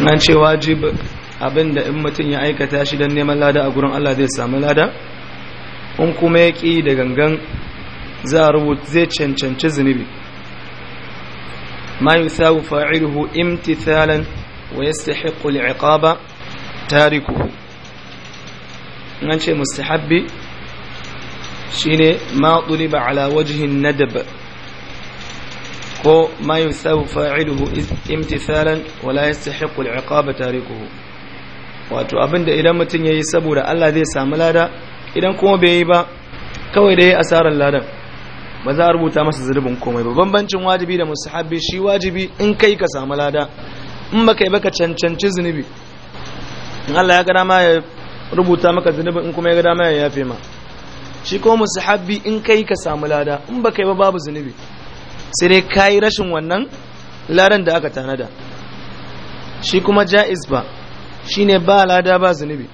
nan ce wajib abinda in mutum ya aikata shi don neman lada a gurin Allah zai samu lada in kuma ya ƙi da gangan za a rubuta zai cancanci zunubi ma yi sabu fa'iluhu imtithalan wa ya kuli iqaba tariku nan ce mustahabbi shine ma ɗuliba ala wajihin nadab ko ma yusabu fa'iluhu imtithalan wa la yastahiqu al'iqaba tarikuhu wato abinda idan mutum yayi saboda Allah zai samu lada idan kuma bai yi ba kawai da yayi asarar ladan ba za a rubuta masa zurbin komai ba bambancin wajibi da mustahabi shi wajibi in kai ka samu lada in baka yi baka cancanci zunubi in Allah ya ga dama ya rubuta maka zunubin in kuma ya ga dama ya yafe ma shi ko mustahabi in kai ka samu lada in baka yi ba babu zunubi sai dai kayi rashin wannan ladan da aka tanada shi kuma ja'iz ba shine ba lada ba zunubi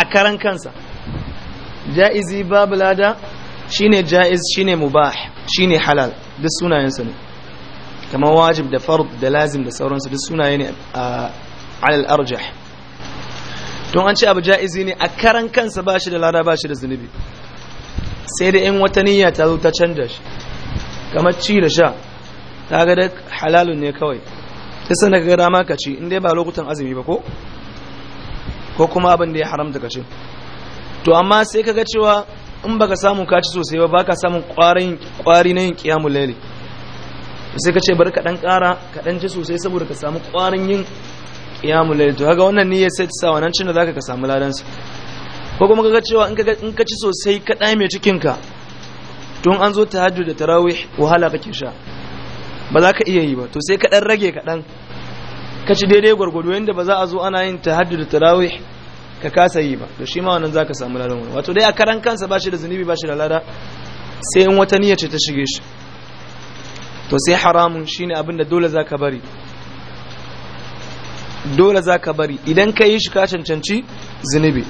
a karan kansa ja'izi babu lada shine ja'iz shine mubah ne halal duk sunayensa ne kamar wajib da fard da lazim da sauransu duk sunaye ne a alal arjah don an ce abu ja'izi ne a karan kansa ba shi da lada ba shi da zunubi sai da in wata niyya ta zo ta canja shi kamar ci da sha ga da halalun ne kawai sai da kaga dama ka ci in dai ba lokutan azumi ba ko ko kuma abin da ya haramta ka ci to amma sai ka ga cewa in baka samu ka ci sosai ba baka samun kwarin kwari na yin qiyamul layl sai ka ce bari ka dan kara ka dan ci sosai saboda ka samu kwarin yin qiyamul layl to kaga wannan niyyar sai ta sa wannan cin da zaka ka samu ladan ko kuma ka ga cewa in ka in ka ci sosai ka dai mai cikin ka tun an zo tahajjud da tarawih wahala kake sha ba za ka iya yi ba to sai ka dan rage ka dan ka ci daidai gwargwado yanda ba za a zo ana yin tahajjud da tarawih ka kasa yi ba to shi ma wannan zaka samu ladan wani wato dai a karan kansa ba shi da zunubi ba shi da lada sai in wata niyya ce ta shige shi to sai haramun shine abinda dole zaka bari dole zaka bari idan ka yi shi ka cancanci zunubi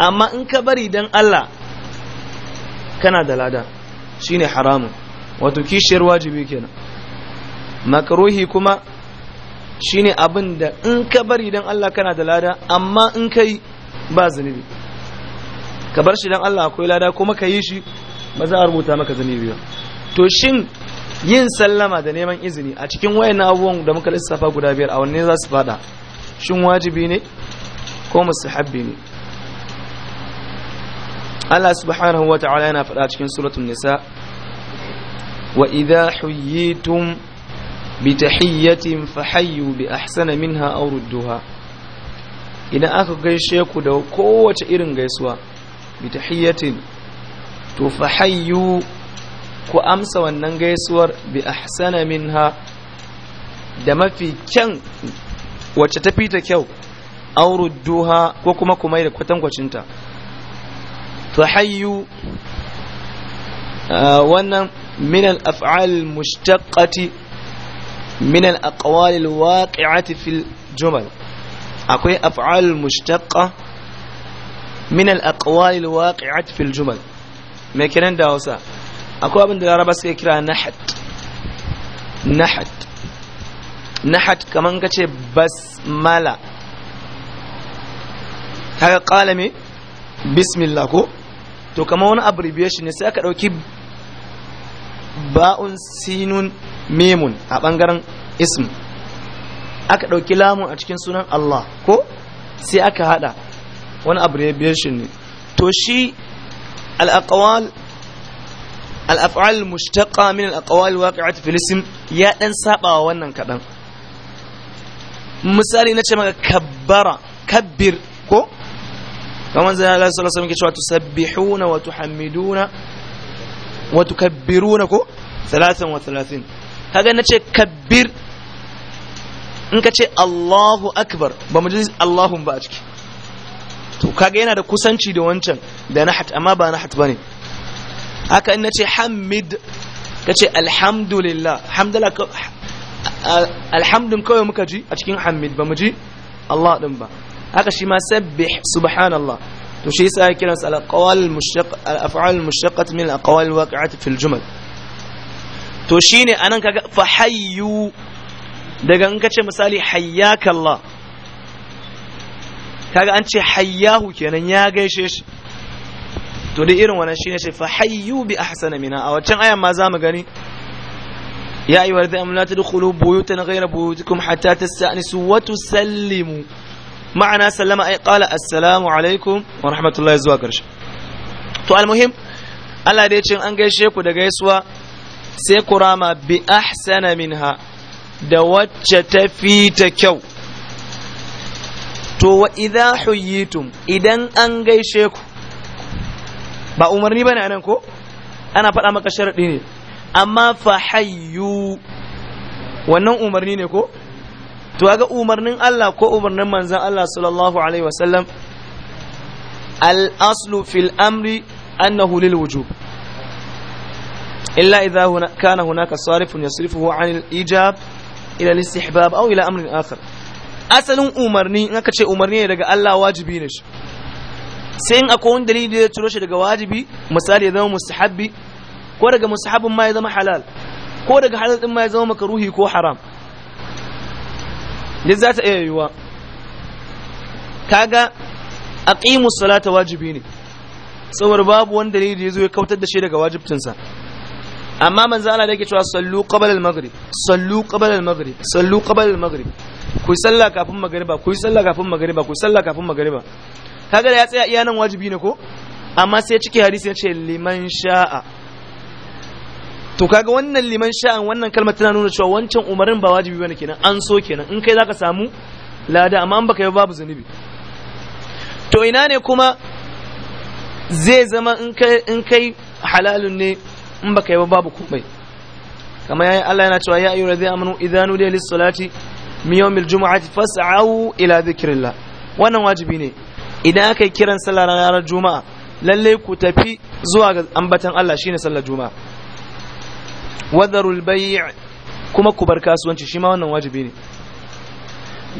amma in ka bari dan Allah kana da lada shine haramun wato kishiyar wajibi kenan makaruhi kuma shine abin da in ka bari dan Allah kana da lada amma in kai ba zunubi ka bar shi dan Allah akwai lada kuma ka yi shi ba za a rubuta maka zunubi ba to shin yin sallama da neman izini a cikin wayannan abubuwan da muka lissafa guda biyar a wanne za su fada shin wajibi ne ko mustahabbi ne Allah subhanahu wa ta'ala yana faɗa cikin suratul nisa وإذا حييتم بتحية فحيوا بأحسن منها أو ردوها إذا أكو غيشيكو دو كوة إرن غيسوا بتحية to fa hayyu ku amsa wannan gaisuwar bi ahsana minha da mafi kyan wacce ta fita kyau duha ko kuma kuma da kwatankwacinta fa hayyu wannan من الأفعال المشتقة من الأقوال الواقعة في الجمل أقول أفعال المشتقة من الأقوال الواقعة في الجمل ما كان داوسا أقول أبن دلارة بس يكرا نحت نحت نحت كمان كتش بس مالا هذا قال مي بسم الله كو to kamar wani abbreviation ne sai aka dauki ba'un sinun memun a bangaren ism aka ɗauki lamun a cikin sunan Allah ko sai aka haɗa wani abbreviation ne to shi al al'af'al al mushtaqa min al waqi'at fil ism ya dan saba wannan kadan misali na ce maka kabbara kabbir ko kamar zai Allah sallallahu alaihi wasallam ke cewa tusabbihuna wa tuhammiduna wa tukabbiruna ko 33 wa salasin kaga nace kabbir in ka ce Allahu akbar ba mu ji Allahun ba a ciki to kaga yana da kusanci da wancan da nahat amma ba nahat bane haka in nace hamid ka ce alhamdulillah alhamdun kawai muka ji a cikin hamid ba mu ji Allah din ba haka shi ma sabbih subhanallah to shi yasa yake kira al-aqwal al-af'al al-mushaqqat min al-aqwal waqi'at fi al-jumal to shine anan kaga fa hayyu daga in kace misali hayyaka Allah kaga an ce hayyahu kenan ya gaishe shi to dai irin wannan shine sai fa hayyu bi ahsana mina a wancan ayan ma mu gani ya ayyuhal ladina amanu la tadkhulu buyutan ghayra buyutikum hatta tasta'nisu wa tusallimu ma'ana sallama ai qala assalamu alaikum wa rahmatullahi zuwa karshe to almuhim Allah da ya an gaishe ku da gaisuwa sai ku rama bi ahsana min ha. da wacce tafi ta kyau to wa huyitum idan an gaishe ku ba umarni bane anan ko ana faɗa maka sharaɗi ne amma fa hayyu wannan umarni ne ko to ga umarnin Allah ko umarnin manzan Allah sallallahu alaihi wasallam al-aslu fil amri annahu lil wujub illa idha kana hunaka sarifun yasrifuhu an al-ijab ila al-istihbab aw ila amrin akhar asalin umarni in aka ce umarni ne daga Allah wajibi ne shi sai in akwai wani dalili da ya ciro shi daga wajibi misali ya zama mustahabbi ko daga mustahabbin ma ya zama halal ko daga halal din ma ya zama makaruhi ko haram duk za ta iya yiwuwa kaga ƙimus salata wajibi ne saboda babu wanda ne da ya zo ya kautar da shi daga wajibtinsa amma manzo Allah da ke cewa sallu qabla al-maghrib sallu qabla al-maghrib sallu qabla al ku yi sallah kafin magriba ku yi sallah kafin magriba ku yi sallah kafin magriba kaga da ya tsaya iya nan wajibi ne ko amma sai ciki hadisi ya ce liman sha'a to kaga wannan liman sha'an wannan kalma tana nuna cewa wancan umarin ba wajibi bane kenan an so kenan in kai zaka samu lada amma an baka yi babu zunubi to ina ne kuma zai zama in kai in kai halalun ne in baka yi babu komai kama yayin Allah yana cewa ya ayu radhi amanu idza nudiya lis salati min yawmil jumu'ati fas'au ila dhikrillah wannan wajibi ne idan aka kiran sallar ranar juma'a lalle ku tafi zuwa ga ambatan Allah shine sallar juma'a wadharul bay' kuma ku bar kasuwanci shi ma wannan wajibi ne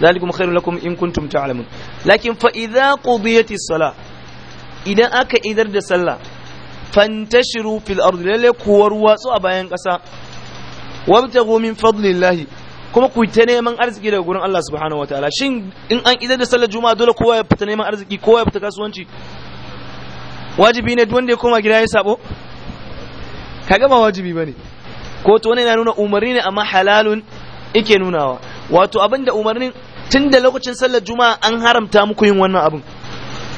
dalikum khairul lakum in kuntum ta'lamun lakin fa idza qudiyatis sala idan aka idar da sallah fantashiru fil ardi lalle ku warwatsu a bayan kasa wabtaghu min fadlillahi kuma ku ta neman arziki daga gurin Allah subhanahu wataala shin in an idar da sallar juma'a dole kowa ya fita neman arziki kowa ya fita kasuwanci wajibi ne duk wanda ya koma gida ya sabo kaga ba wajibi bane ko to wannan yana nuna umarni ne amma halalun yake nunawa wato abin da umarnin tun da lokacin sallar juma'a an haramta muku yin wannan abin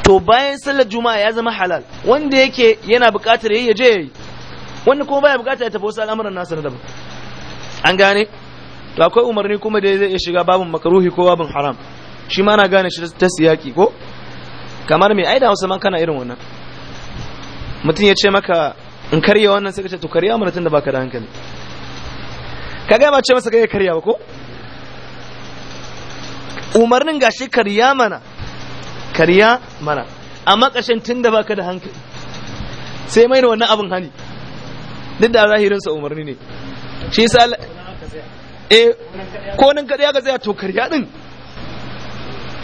to bayan sallar juma'a ya zama halal wanda yake yana buƙatar yayi je yayi wanda kuma baya buƙatar ya tafi wasu al'amuran nasa na daban an gane to akwai umarni kuma da zai iya shiga babin makaruhi ko babin haram shi ma na gane shi ta siyaki ko kamar me ai da Hausa man kana irin wannan mutum ya ce maka in karya wannan sai kace ce to karya mana tunda baka da hankali ka ba ce masa kai karya ba ko umarnin gashi karya mana karya mana amma kashin tunda baka da hankali sai mai da wannan abin hani duk da zahirin sa umarni ne shi sa eh ko nan kadai ga tsaya to karya din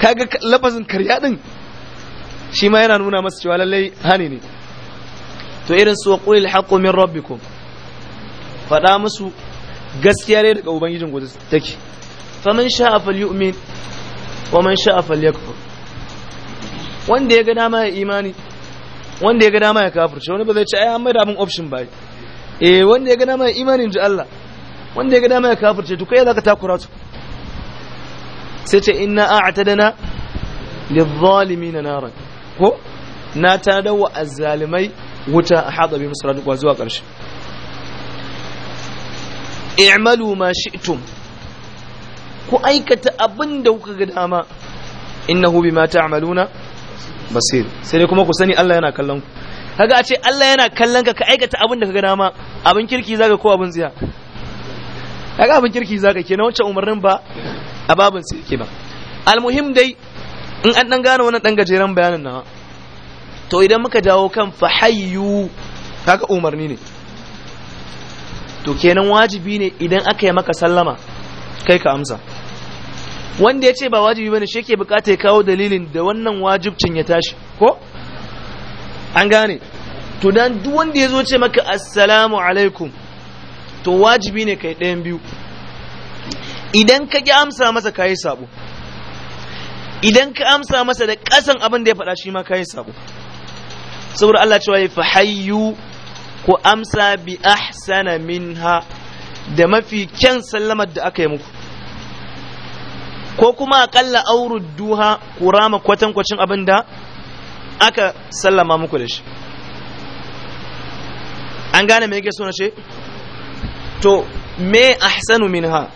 kaga lafazin karya din shi ma yana nuna masa cewa lallai hani ne to irin su qulil haƙo min rabbikum faɗa musu gaskiya ne daga ubangijin gudu take faman sha'a yu'min wa man sha'a yakfur wanda ya ga dama ya imani wanda ya ga dama ya kafirce wani ba zai ce ai an mai da mun option ba eh wanda ya ga dama ya imani ji Allah wanda ya ga dama ya kafirce to kai zaka takura su sai ce inna a'tadana lidh-dhalimin naran ko na wa az-zalimai wuta a hada bi musradukwa zuwa ƙarshe i'malu ma shi'tum ku aikata abin da kuka ga dama innahu bima ta'maluna basir sai dai kuma ku sani Allah yana kallon ku kaga a ce Allah yana kallon ka ka aikata abin da ka ga dama abin kirki zaka ko abin ziya? kaga abin kirki zaka kenan wancan umarnin ba a babin sirki ba almuhim dai in an dan gane wannan dan gajeren bayanin nawa to idan muka dawo kan fahayyu kaga umarni ne to kenan wajibi ne idan aka yi maka sallama kai ka amsa wanda ya ce ba wajibi bane shi ke bukata ya kawo dalilin da wannan wajibcin ya tashi ko an gane to dan duk wanda ya zo ce maka assalamu alaikum to wajibi ne kai ɗayan biyu idan ka ki amsa masa kayi sabo idan ka amsa masa da ƙasan abin da ya faɗa shi ma kayi sabo saboda Allah cewa ya fi hayyu ku amsa bi ahsana ha da mafi kyan sallamar da aka yi muku ko kuma aƙalla duha ku rama kwatankwacin abin da aka sallama muku da shi an gane me yake so na ce to me ahsanu ha?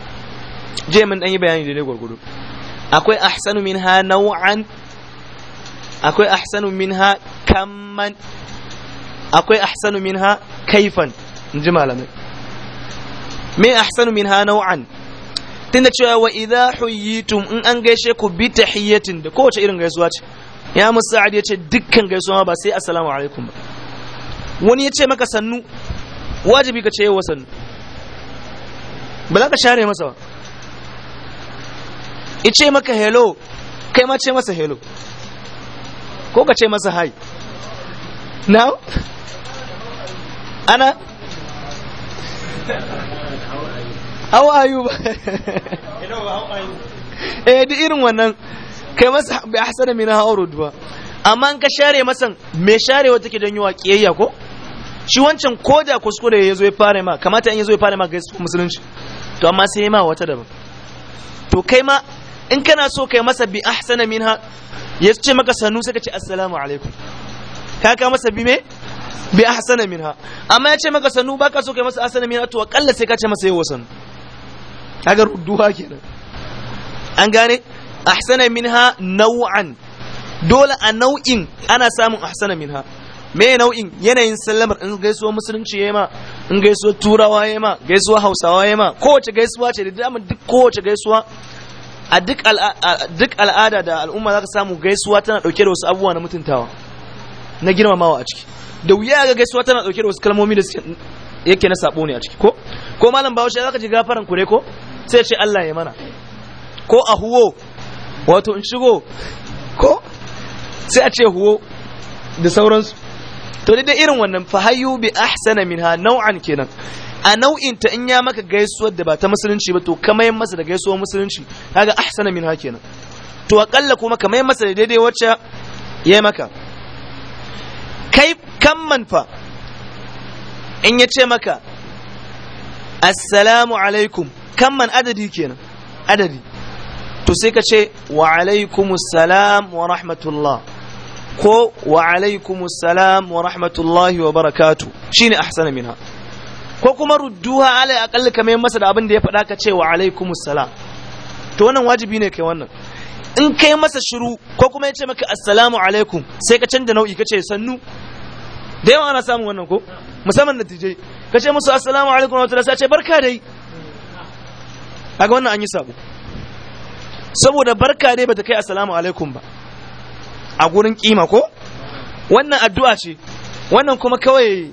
je min dan yi bayani da gurgudu akwai ahsanu ha nau'an akwai ahsanu ha? kamman akwai ahsanu minha kaifan in ji malamai mai ahsanu minha nau'an tunda cewa wa idza huyitum in an gaishe ku bi tahiyatin da kowace irin gaisuwa ce ya musa'ad ya ce dukkan gaisuwa ba sai assalamu alaikum ba wani ya ce maka sannu wajibi ka ce yawa sannu ba za ka share masa ba ya ce maka hello kai ma ce masa hello ko ka ce masa hi now ana how are you eh duk irin wannan kai masa bai ahsana min haurud duwa. amma in ka share masan me sharewa take don wa ƙiyayya ko shi wancan koda kuskure ya zo ya fara ma kamata in ya zo ya fara ma ga musulunci to amma sai ma wata daban to kai ma in kana so kai masa bi ahsana minha ya ce maka sanu sai ka ce assalamu alaikum ka ka masa bi me bi ahsana minha amma ya ce maka sanu baka so kai masa ahsana minha to akalla sai ka ce masa yawa sanu kaga rudduwa kenan an gane ahsana minha nau'an dole a nau'in ana samun ahsana minha me nau'in yanayin sallamar in gaisuwar musulunci yayi ma in gaisuwar turawa yayi ma gaisuwar hausawa yayi ma kowace gaisuwa ce da dama duk kowace gaisuwa a duk al'ada da al'umma zaka samu gaisuwa tana dauke da wasu abubuwa na mutuntawa na girmamawa a ciki da wuya ga gaisuwa tana dauke da wasu kalmomi da yake na sabo ne a ciki ko ko malam bahaushe zaka ji gafaran kure ko sai ce Allah ya mana ko a huwo wato in shigo ko sai a ce huwo da sauransu to dai irin wannan fahayu bi ahsana minha nau'an kenan a nau'in ta in ya maka gaisuwar da ba ta musulunci ba to kamar masa da gaisuwar musulunci kaga ahsana minha kenan to akalla kuma kamar masa da daidai wacce ya maka kai kamman fa in ya ce maka assalamu alaikum kamman adadi kenan adadi to sai ka ce wa alaikumussalam wa rahmatullah ko wa alaikumussalam wa rahmatullahi wa barakatu shine ahsana minha ko kuma rudduha alai akalli kamar masa da abin da ya faɗa ka ce wa alaikumussalam to wannan wajibi ne kai wannan in kai masa shiru ko kuma ya ce maka assalamu alaikum sai ka canza nau'i ka ce sannu da yawa ana samun wannan ko musamman natijai ka ce musu assalamu alaikum wa sai ce barka dai kaga wannan an yi sabo saboda barka dai bata kai assalamu alaikum ba a gurin kima ko wannan addu'a ce wannan kuma kawai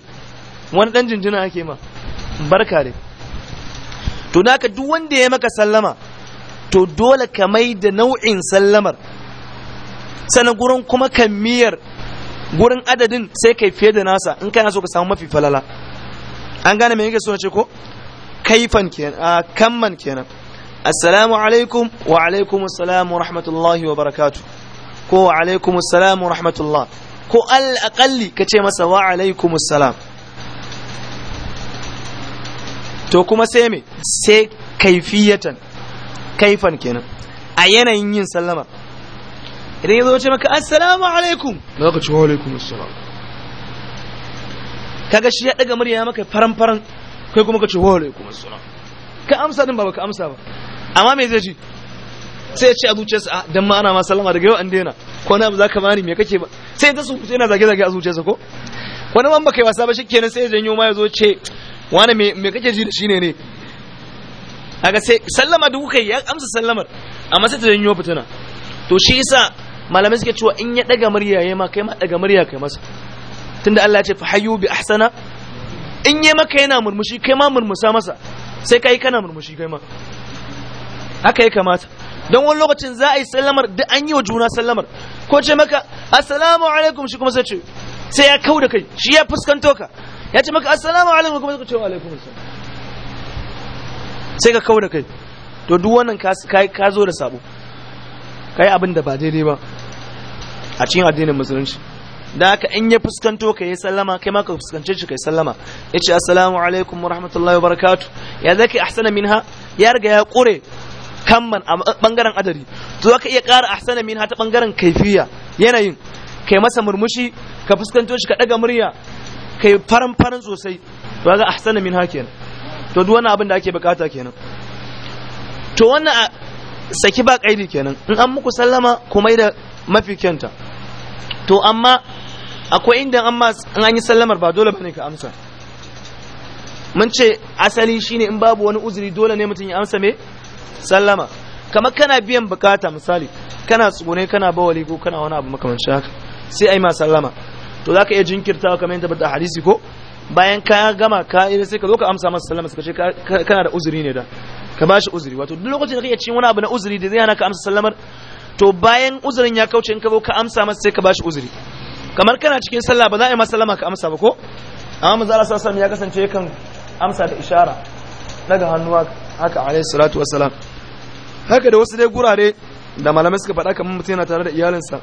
wani dan jinjina ake ma barka dai to naka duk wanda ya maka sallama to dole ka mai da nau'in sallamar sannan gurin kuma kammiyar gurin adadin sai kai fiye da nasa in kana so ka samu mafi falala an gane me yake so ce ko kaifan kenan a kamman kenan assalamu alaikum wa alaikum assalam wa rahmatullahi wa barakatuh ko wa alaikum assalam wa rahmatullah ko al aqalli ka ce masa wa alaikum assalam to kuma sai me sai kaifiyatan kaifan kenan a yanayin yin sallama idan ya zo ce maka assalamu alaikum da aka ce wa alaikum assalam kaga shi ya daga murya maka faran faran kai kuma ka ce wa alaikum assalam ka amsa din ba ka amsa ba amma me zai ji sai ya ce a zuciyarsa a ah, dan ma ana ma sallama daga yau an daina ko na za ka bani me kake ba sai ya su yana zage zage a zuciyarsa ko wani ban baka yi wasa ba kenan sai ya janyo ma ya zo ce wani me kake ji da shi ne ne kaga sai sallama da kai ya amsa sallamar amma sai ta janyo fitina to shi yasa malamai suke cewa in ya daga murya yayi ma kai ma daga murya kai masa tunda Allah ya ce fa hayyu bi ahsana in yayi maka yana murmushi kai ma murmusa masa sai kai kana murmushi kai ma haka ya kamata don wani lokacin za a yi sallamar da an yi wa juna sallamar ko ce maka assalamu alaikum shi kuma sai ce sai ya kau da kai shi ya fuskanto ka ya ce maka assalamu alaikum kuma sai ce wa alaikum assalam sai ka kawo da kai to duk wannan ka zo da sabo ka yi abin da ba daidai ba a cikin addinin musulunci da aka in ya fuskanto ka yi sallama kai ma ka fuskance shi yi sallama ya ce assalamu alaikum wa rahmatullahi wa barakatu ya zaki ahsana minha ya riga ya kure kamman a bangaren adari to ka iya kara ahsana ha ta bangaren kaifiya yanayin kai masa murmushi ka fuskanto shi ka daga murya kai faran faran sosai to ga ahsana minha kenan to duk wani abin da ake bukata kenan to wannan saki ba kaidi kenan in an muku sallama kuma da mafi kyanta to amma akwai inda amma in an yi sallamar ba dole bane ka amsa mun ce asali shine in babu wani uzuri dole ne mutum ya amsa me sallama kama kana biyan bukata misali kana tsugune kana bawali ko kana wani abu makamancin haka sai ai ma sallama to zaka iya jinkirtawa kamar yadda bada hadisi ko bayan ka gama ka irin sai ka zo ka amsa masa sallama suka ce kana da uzuri ne da ka bashi uzuri wato duk lokacin da kake cin wani abu na uzuri da zai hana ka amsa sallamar to bayan uzurin ya kauce in ka zo ka amsa masa sai ka bashi uzuri kamar kana cikin sallah ba za a yi masa sallama ka amsa ba ko amma manzo Allah sallallahu ya kasance yakan amsa da ishara daga hannuwa haka alayhi salatu wassalam haka da wasu dai gurare da malamai suka faɗa kamar mutum yana tare da iyalinsa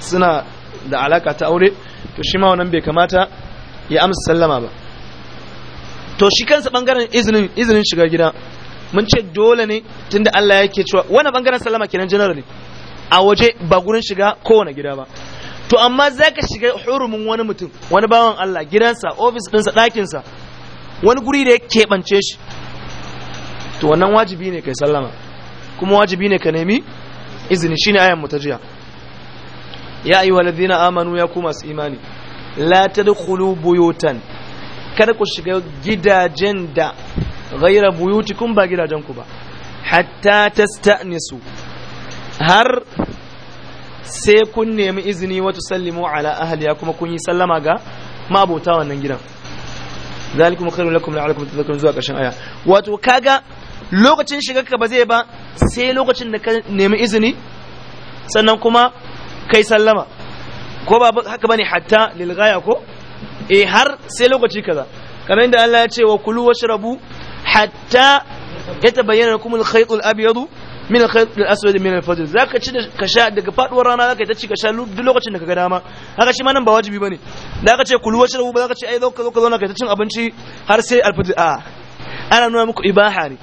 suna da alaka ta aure to shi ma wannan bai kamata ya amsa sallama ba to shi kansa bangaren izinin izinin shiga gida mun ce dole ne tunda Allah yake cewa wani bangaren sallama kenan generally a waje ba gurin shiga kowane gida ba to amma zaka shiga hurumin wani mutum wani bawan Allah gidansa office ɗinsa sa wani guri da ya keɓance shi to wannan wajibi ne kai sallama kuma wajibi ne ka nemi izini shine ayan mu ta jiya ya ayyuhal ladina amanu ya ku masu imani la tadkhulu buyutan kada ku shiga gidajen da ghaira buyutikum ba gidajen ku ba hatta tasta'nisu har sai kun nemi izini wa tusallimu ala ahliya kuma kun yi sallama ga mabota wannan gidan zalikum khairu lakum la'allakum tadhakkarun zuwa kashin aya wato kaga lokacin shiga ka ba zai ba sai lokacin da ka nemi izini sannan kuma kai sallama ko ba haka bane hatta lil ghaya ko eh har sai lokaci kaza kamar inda Allah ya ce wa kulu washrabu hatta yatabayyana lakum al-khayt al-abyad min al-khayt al-aswad min al-fajr zaka ci ka sha daga faduwar rana zaka ta ci ka sha duk lokacin da kaga dama haka shi ma nan ba wajibi bane zaka ce kulu washrabu ba zaka ce ai zaka zo ka zauna kai ta cin abinci har sai al-fajr a ana nuna muku ibaha ne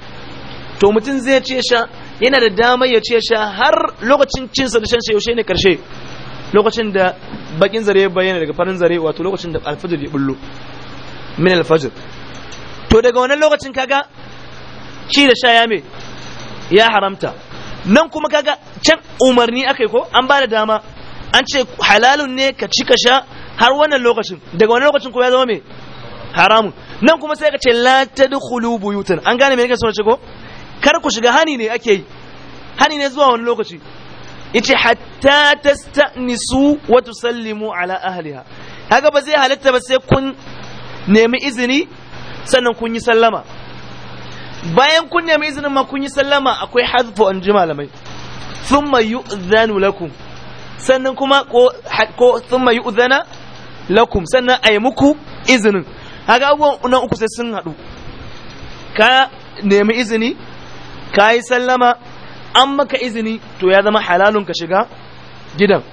to mutum zai ce sha yana da dama ya ce sha har lokacin cin sa da shan sa yaushe ne karshe lokacin da bakin zare bayyana daga farin zare wato lokacin da alfajir ya bullo min alfajir to daga wannan lokacin kaga ci da sha ya me ya haramta nan kuma kaga can umarni akai ko an ba da dama an ce halalun ne ka ci ka sha har wannan lokacin daga wannan lokacin ko ya zama me haramun nan kuma sai ka ce la tadkhulu buyutan an gane me nake so ce ko kar ku shiga hani ne ake yi hani ne zuwa wani lokaci yace hatta tastanisu wa tusallimu ala ahliha haka ba zai halatta ba sai kun nemi izini sannan kun yi sallama bayan kun nemi izinin ma kun yi sallama akwai hadfu an ji malamai thumma yu'zanu lakum sannan kuma ko ko thumma yu'zana lakum sannan ayi muku izinin haka abubuwan na uku sai sun haɗu ka nemi izini ka yi sallama an maka izini to ya zama halalun ka shiga gidan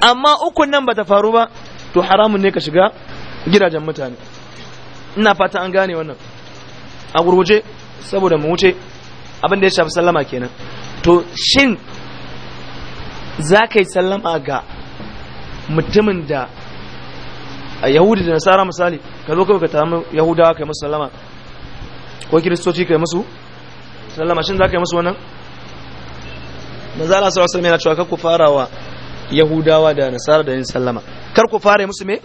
amma ukun nan bata faru ba to haramun ne ka shiga gidajen mutane ina fata an gane wannan a gurguje saboda mu wuce abin da ya shafi sallama kenan to shin za ka yi sallama ga mutumin da a yahudi da nasara misali ka zo kawai ka tamu yahudawa ka yi musu sallama ko kiristoci ka yi musu sallama shin za ka yi musu wannan manzo Allah sallallahu alaihi wasallam yana cewa kar ku fara wa yahudawa da nasara da yin sallama kar ku fara musu me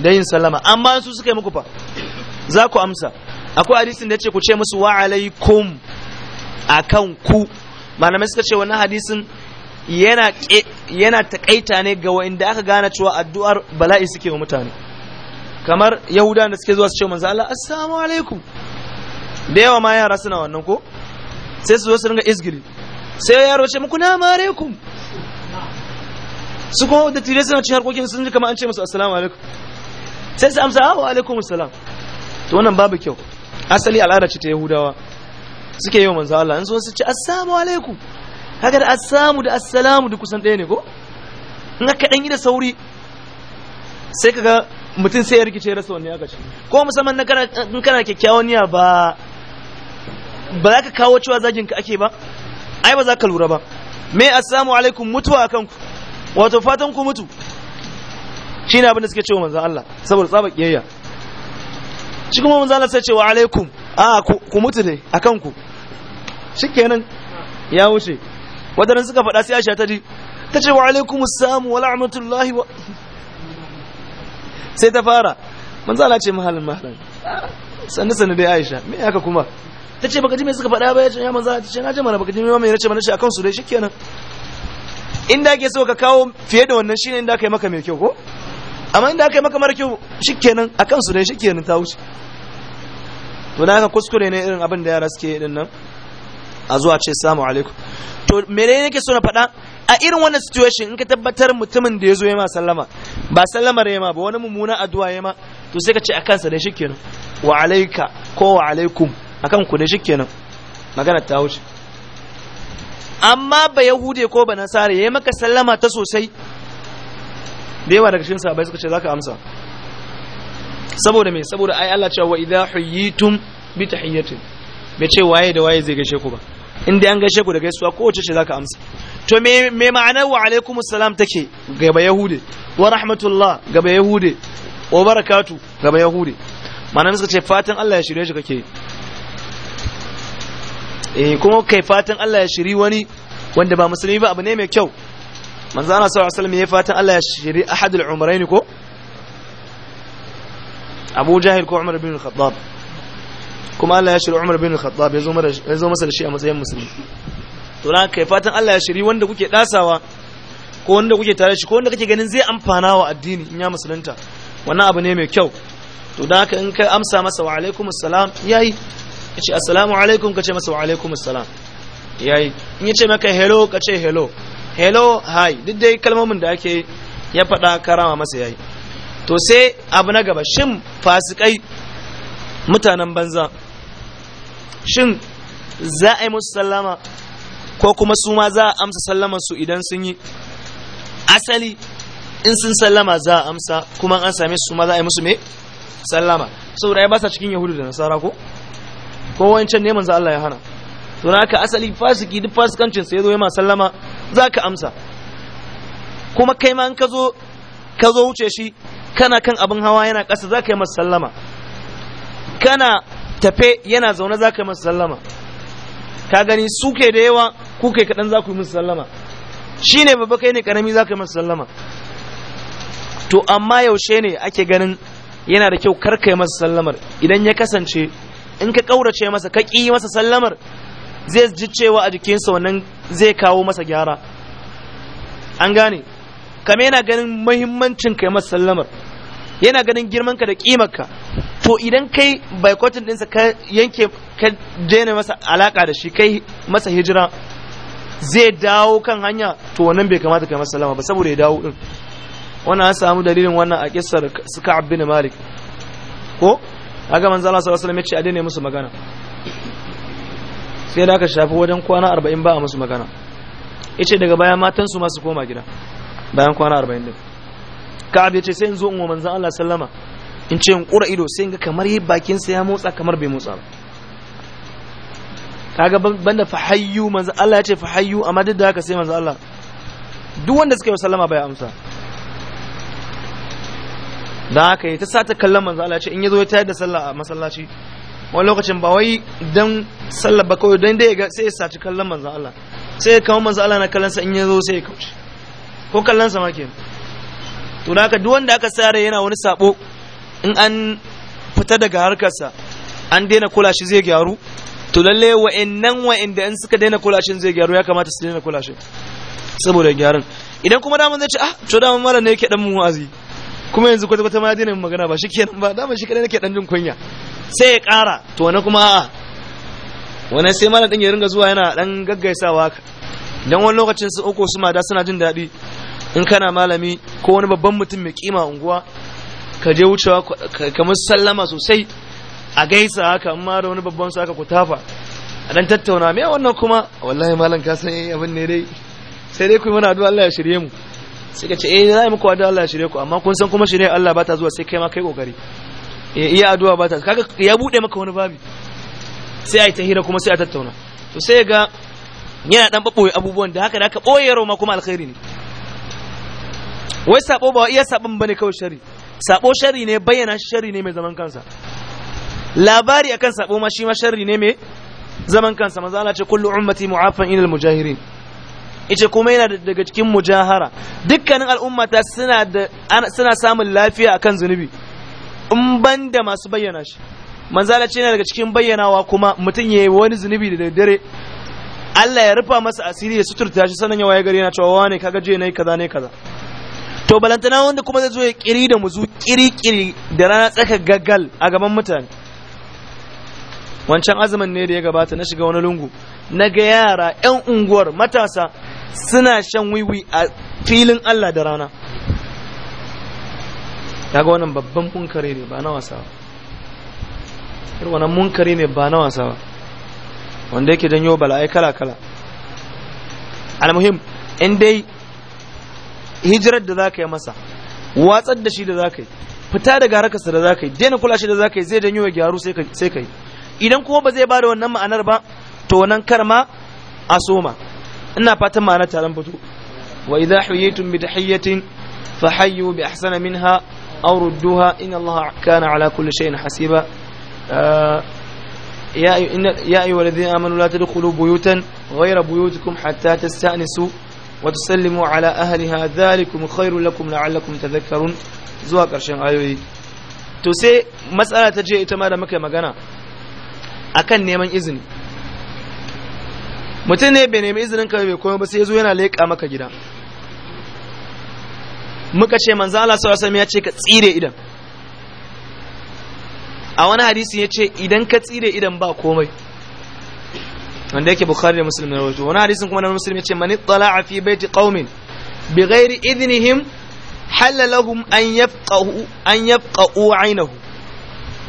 da yin sallama amma su suka yi muku fa za ku amsa akwai hadisin da yace ku ce musu wa alaikum akan ku malamai suka ce wannan hadisin yana yana takaita ne ga wanda aka gane cewa addu'ar bala'i suke wa mutane kamar yahuda da suke zuwa su ce manzo Allah assalamu alaikum da yawa ma yara suna wannan ko sai su zo su ringa izgiri sai yaro ce muku na mare ku su kuma da tire suna cin harkokin sun ji kamar an ce musu assalamu alaikum sai su amsa wa alaikum assalam to wannan babu kyau asali al'ada ce ta yahudawa suke yi wa manzo Allah in su ce assalamu alaikum kaga da assamu da assalamu duk kusan ɗaya ne ko in aka dan yi da sauri sai kaga mutum sai ya rikice rasa wani aka ce ko musamman na kana kana kyakkyawan niyya ba ba za ka kawo cewa zagin ka ake ba ai ba za ka lura ba me assalamu alaikum mutuwa akan ku wato fatan ku mutu shine abin da suke cewa manzan Allah saboda tsaba kiyayya shi kuma manzan Allah sai ce wa alaikum a ku mutu ne akan ku kenan ya wuce wadannan suka faɗa sai Aisha ta ji ta ce wa alaikum assalamu wa rahmatullahi wa sai ta fara manzan Allah ce mahalin mahalin sanin sanin dai Aisha me haka kuma ta ce baka ji suka faɗa ba ya ce ya maza ta ce na jama'a mana baka ji ma mai nace mana shi akan su dai shikenan inda ake so ka kawo fiye da wannan shine inda aka yi maka mai kyau ko amma inda aka yi maka mara kyau shikenan akan su dai shikenan ta wuce to na ka kuskure ne irin abin da yara suke din nan a zuwa ce samu alaikum to ne yake so na faɗa a irin wannan situation in ka tabbatar mutumin da ya zo ya ma sallama ba sallamar ya ma ba wani mummuna addu'a ya ma to sai ka ce a kansa dai shikenan wa alayka ko wa alaikum akan ku ne shikenan magana ta wuce amma ba yahude ko ba nasara yayi maka sallama ta sosai da yawa daga cikin sahabbai suka ce zaka amsa saboda me saboda ai Allah cewa wa idha huyitum bi tahiyyatin me ce waye da waye zai gaishe ku ba in dai an gaishe ku da gaisuwa ko wace ce zaka amsa to me me ma'anar wa alaikumus salam take gaba yahude wa rahmatullah gaba yahude wa barakatu gaba yahude manan suka ce fatan Allah ya shirye shi kake eh kuma kai fatan Allah ya shiri wani wanda ba musulmi ba abu ne mai kyau manzo Allah sallallahu alaihi wasallam ya fatan Allah ya shiri ahadul umrayn ko Abu Jahil ko Umar bin Khattab kuma Allah ya shiri Umar bin Khattab ya zo masa da shi a matsayin musulmi to la kai fatan Allah ya shiri wanda kuke dasawa ko wanda kuke tare shi ko wanda kake ganin zai amfana wa addini in ya musulunta wannan abu ne mai kyau to da haka in ka amsa masa wa alaikumus salam yayi ya ce assalamu alaikum ka ce masa wa alaikum assalam ya yi in ya ce maka hello ka ce hello hello hi duk dai kalmomin da ake ya faɗa karama masa ya yi to sai abu na gaba shin fasikai mutanen banza shin za a yi musu sallama ko kuma su ma za a amsa sallaman su idan sun yi asali in sun sallama za a amsa kuma an same su ma za a yi musu me sallama saboda ya ba sa cikin yahudu da nasara ko ko can neman za Allah ya hana to ka asali fasiki duk fasikancin sa zo ya ma sallama za ka amsa kuma kai ma in ka zo ka zo wuce shi kana kan abin hawa yana ƙasa ka yi masa sallama kana tafe yana zaune za ka yi masa sallama ka gani suke da yawa kuke kaɗan za ku yi masa sallama shi ne babba kai ne karami za ka yi masa sallama to amma yaushe ne ake ganin yana da kyau kar ka yi masa sallamar idan ya kasance in ka kaurace masa ka ƙi masa sallamar zai ji cewa a jikinsa wannan zai kawo masa gyara an gane kame yana ganin mahimmancin ka masa sallamar yana ganin girman ka da ƙimarka to idan kai baikotin ɗinsa ka yanke ka daina masa alaƙa da shi kai masa hijira zai dawo kan hanya to wannan bai kamata ka masa sallama ba saboda ya dawo ɗin wannan an samu dalilin wannan a kissar suka ka'ab bin malik ko kaga manzo Allah sallallahu alaihi wasallam ya ce a daina musu magana sai da aka shafi wajen kwana 40 ba a musu magana yace daga baya matan su ma su koma gida bayan kwana 40 din Ka'ab yace sai in zo in wa manzo Allah sallama in ce in kura ido sai in ga kamar yi bakin sa ya motsa kamar bai motsa ba kaga banda fahayyu manzo Allah yace fahayyu amma duk da haka sai manzo Allah duk wanda suka yi sallama bai amsa da haka yi ta sata kallon manzo Allah ce in yazo ya tayar da sallah a masallaci wani lokacin ba wai dan sallah ba kawai dan dai sai ya saci kallon manzo Allah sai ya kawo manzo Allah na kallon sa in yazo sai ya kauce ko kallon sa ma ke to da haka duk wanda aka sare yana wani sabo in an fita daga harkarsa an daina kula shi zai gyaru to lalle wa'annan wa'anda in suka daina kula shi zai gyaru ya kamata su daina kula shi saboda gyaran idan kuma daman zai ce ah to daman mara ne yake dan mu'azi kuma yanzu kwata kwata ma dinin magana ba shi kenan ba dama shi kadai nake dan jin kunya sai ya kara to wani kuma a'a wani sai malam din ya ringa zuwa yana dan gaggaisawa haka dan wani lokacin su uku su ma da suna jin daɗi in kana malami ko wani babban mutum mai kima unguwa ka je wucewa musu sallama sosai a gaisa haka amma da wani babban saka ku tafa a dan tattauna me wannan kuma wallahi malam ka san eh, abin ne dai sai dai ku yi mana addu'a Allah ya shirye mu sai ka ce eh za mu muku Allah ya shirye ku amma kun san kuma shirye Allah ba ta zuwa sai kai ma kai kokari eh iya addu'a ba ta kaga ya bude maka wani babi sai ai tahira kuma sai a tattauna to sai ga yana dan babboye abubuwan da haka da haka boye roma kuma alkhairi ne wai sabo ba iya sabon bane kawai shari sabo shari ne bayyana shari ne mai zaman kansa labari akan sabo ma shi ma shari ne mai zaman kansa manzo Allah ce kullu ummati mu'afan ilal mujahirin ice kuma yana daga cikin mujahara dukkanin al'ummata suna da suna samun lafiya akan zunubi in ban da masu bayyana shi manzala ce yana daga cikin bayyanawa kuma mutum ya yi wani zunubi da daddare Allah ya rufa masa asiri ya suturta shi sanan ya waye gari yana cewa wane kaga je nayi kaza ne kaza to balantana wanda kuma zai zo ya kiri da muzu kiri kiri da rana tsaka gaggal a gaban mutane wancan azumin ne da ya gabata na shiga wani lungu na ga yara 'yan unguwar matasa suna shan wiwi a filin Allah da rana ga wannan babban munkari ne ba na wasa ba wannan munkari ne ba na wasa ba wanda yake janyo bala'ai kala-kala almuhim in dai hijirar da za ka yi masa watsar da shi da za ka yi fita daga harkarsa da za ka yi daina kula shi da za ka yi zai janyo ya gyaru sai ka yi idan kuma ba zai ba da wannan ma'anar ba to nan karma a soma ina fatan ma'ana taron fito wa idza huyitum bi tahiyyatin fa hayyu bi ahsana minha aw rudduha in allaha kana ala kulli shay'in hasiba يا يا أيها الذين آمنوا لا تدخلوا بيوتا غير بيوتكم حتى تستأنسوا وتسلموا على أهلها ذلكم خير لكم لعلكم تذكرون zuwa karshen ayoyi to sai matsala ta je ita ma da muka magana akan neman izini mutum ne bai nemi izinin ka bai koma ba sai zo yana leƙa maka gida muka ce manzo Allah sallallahu alaihi ya ce ka tsire idan a wani hadisi ya ce idan ka tsire idan ba komai wanda yake bukhari da muslim na rawaito wani hadisin kuma na muslim ya ce man ittala'a fi baiti qaumin bi ghairi idnihim halla lahum an yafqahu an yafqa'u aynahu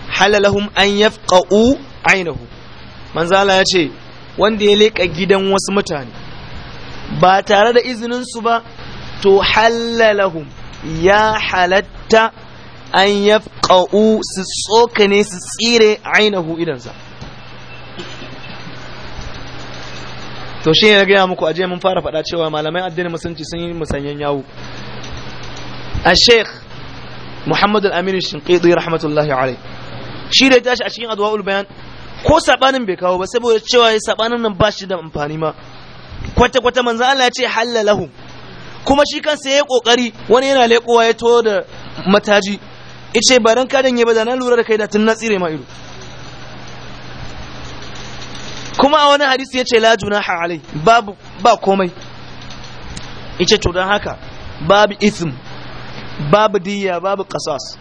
halla lahum an yafqa'u ainihu manzala ya ce wanda ya leka gidan wasu mutane ba tare da izininsu ba to halalahum ya halatta an ƙa'u su tsokane su tsire ainihu idansa to shi ne na gaya muku aje mun fara faɗa cewa malamai addinin musulunci sun yi musanyen yawo a sheikh muhammadu al-aminu shinqidi rahmatullahi alai shi da ya tashi a cikin adwa'ul bayan ko sabanin bai kawo ba saboda cewa ya sabanin nan ba shi da amfani ma kwata kwata manzo Allah ya ce halalahu kuma shi kansa yayi kokari wani yana lekowa ya to da mataji yace baran ka danye ba da na lura da kai da tun na tsire ma ido kuma a wani hadisi yace la junaha alai babu ba komai yace to dan haka babu ism babu diya babu qisas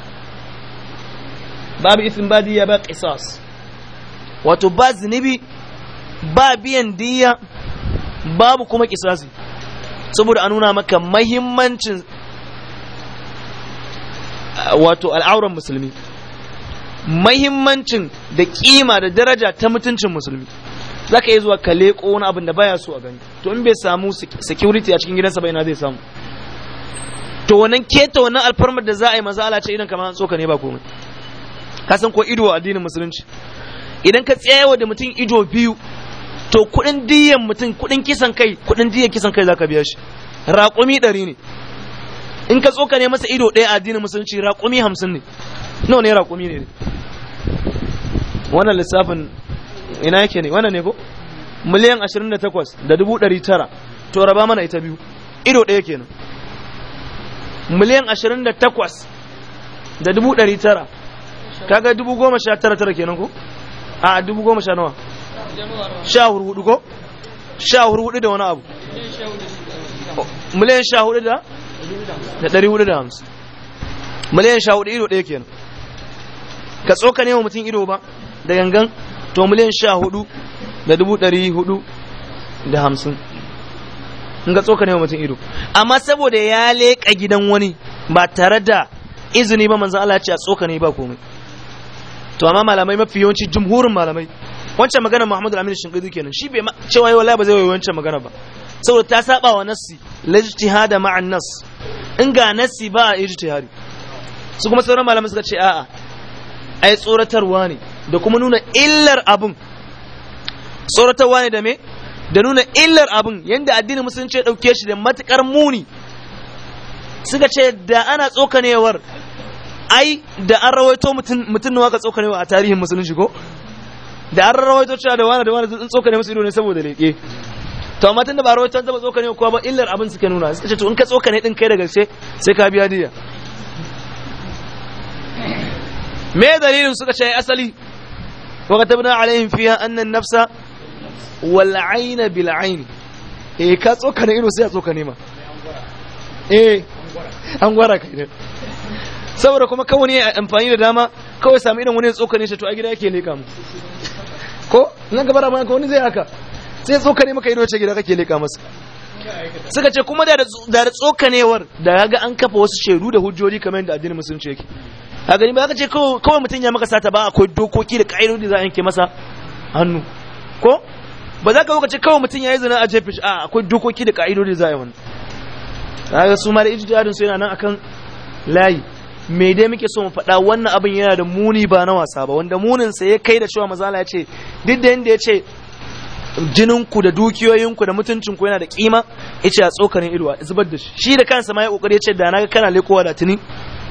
babu ism babu diya ba qisas wato ba zunubi ba biyan diya babu kuma kisasi saboda a nuna maka mahimmancin uh, wato al'auran musulmi mahimmancin da kima da daraja ta mutuncin musulmi za ka iya zuwa ka leko wani abin da baya so a gani to in bai samu security a cikin gidansa bai na zai samu to wannan keta wannan alfarmar da za a yi maza ala ce idan kamar tsoka ne ba komai ka san ko ido a addinin musulunci idan ka tsayawa da mutum ido biyu to kuɗin diyan mutum kuɗin kisan kai kuɗin diyan kisan kai zaka biya shi raƙumi ɗari ne in ka tsoka ne masa ido ɗaya addinin musulunci raƙumi hamsin ne nawa ne raƙumi ne wannan lissafin ina yake ne wannan ne ko miliyan ashirin da takwas da dubu ɗari tara to raba mana ita biyu ido ɗaya kenan miliyan ashirin da takwas da dubu ɗari tara kaga dubu goma sha tara tara kenan ko a dubu goma sha nawa sha hudu ko sha hudu da wani abu miliyan sha hudu da da ɗari hudu da hamsin miliyan sha hudu ido ɗaya kenan ka tsoka ne wa mutum ido ba da gangan to miliyan sha hudu da dubu ɗari hudu da hamsin in ga tsoka ne wa mutum ido amma saboda ya leƙa gidan wani ba tare da izini ba manzan Allah ya ce a tsoka ne ba komai to amma malamai mafi yawanci jumhurin malamai wancan magana Muhammadu Aminu Shinqidu kenan shi bai cewa wallahi ba zai yi wancan magana ba saboda ta saba wa nassi lijtihada ma'an nas in ga nassi ba a ijtihadi su kuma sauran malamai suka ce a'a ai tsoratarwa ne da kuma nuna illar abun tsoratarwa ne da me da nuna illar abun yanda addinin musulunci ya dauke shi da matukar muni suka ce da ana tsokanewar ai da an rawaito mutum nawa ka tsokanewa a tarihin musulunci ko da an rawaito cewa da wani da wani sun tsokane musu ido ne saboda leƙe to amma tunda ba rawaito zaba tsokane kowa ba illar abin suke nuna suka ce to in ka tsokane din kai da gaske sai ka biya diya me dalilin suka ce asali wa katabna alaihim fiha anna an-nafsa wal 'ayna bil 'ayn eh ka tsokane ido sai a tsokane ma eh an gwara kai ne saboda kuma kawai a amfani da dama kawai sami irin wani tsokane shi to a gida yake leka mu ko nan gaba da ko wani zai haka sai tsokane maka ido ce gida kake leka masa suka ce kuma da da tsokanewar da ga an kafa wasu shaidu da hujjoji kamar yadda addinin musulunci yake a gani ba ka ce kawai mutum ya maka sata ba akwai dokoki da ka'idodi za a yanke masa hannu ko ba za ka ce kawai mutum ya yi zina a jefish a akwai dokoki da ka'idodi za a yi wani ga su ma da ijtihadin su yana nan akan layi me dai muke so mu faɗa wannan abin yana da muni ba na wasa ba wanda munin ya kai da cewa mazala ya ce duk da yanda ya ce ku da dukiyoyinku da mutuncin ku yana da kima ya a tsokanin ido a zubar da shi shi da kansa ma ya kokari ya ce da na ga kana lekowa da tuni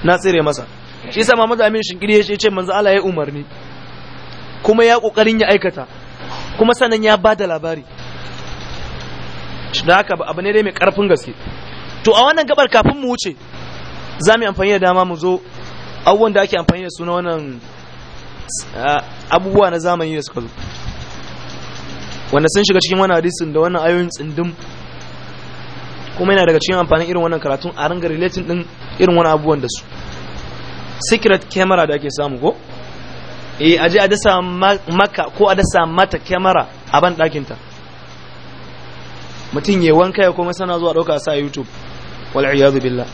na tsire masa shi yasa mamadu Amin Shinkiri ya ce manzo Allah ya umarni kuma ya kokarin ya aikata kuma sannan ya bada labari da haka abu ne dai mai karfin gaske to a wannan gabar kafin mu wuce za mu amfani da dama mu zo abubuwan da ake amfani da su na wannan ah, abubuwa na zamani da suka zo wanda sun shiga cikin wannan hadisin da wannan ayoyin tsindin kuma yana daga cikin amfanin irin wannan karatun a rangar relating din irin wani abubuwan da su secret camera da ake samu ko eh aje a dasa maka ko a dasa mata camera a ban dakin ta mutum ya wanka ya kuma sana zuwa dauka sa youtube wal iyadu billah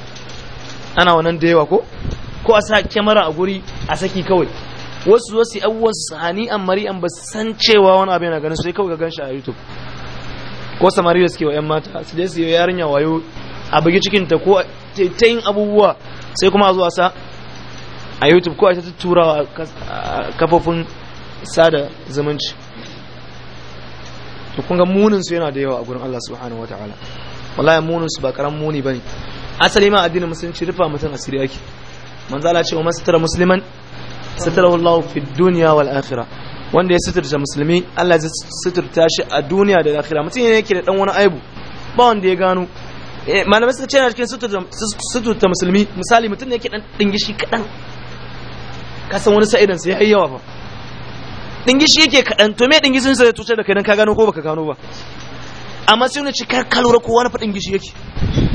ana wannan da yawa ko ko a sa kyamara a guri a saki kawai wasu wasu abubuwan su sahani an mari an ba san cewa wani abu yana ganin sai kawai ka ganshi a youtube ko samari da suke wa yan mata su je su yi yarinya wayo a bugi cikin ta ko ta yin abubuwa sai kuma a zuwa sa a youtube ko a ta turawa kafofin sada zumunci to kun ga munin su yana da yawa a gurin Allah subhanahu wataala wallahi munin su ba karam muni bane asali ma addinin musulunci rufa mutum asiri ake manzo Allah ce wa masatara musulman satarahu Allah fi duniya wal akhira wanda ya suturta musulmi Allah zai suturta shi a duniya da akhira mutum ne yake da dan wani aibu ba wanda ya gano eh, malamai suka ce na cikin suturta musulmi misali mutum ne yake dan dingishi kadan san wani sa'idan sai yayi yawa fa dingishi yake kadan to me dingishin sa ya tuce da kai dan ka gano ko baka gano ba amma sai wani ce ka lura kowa na faɗin gishi yake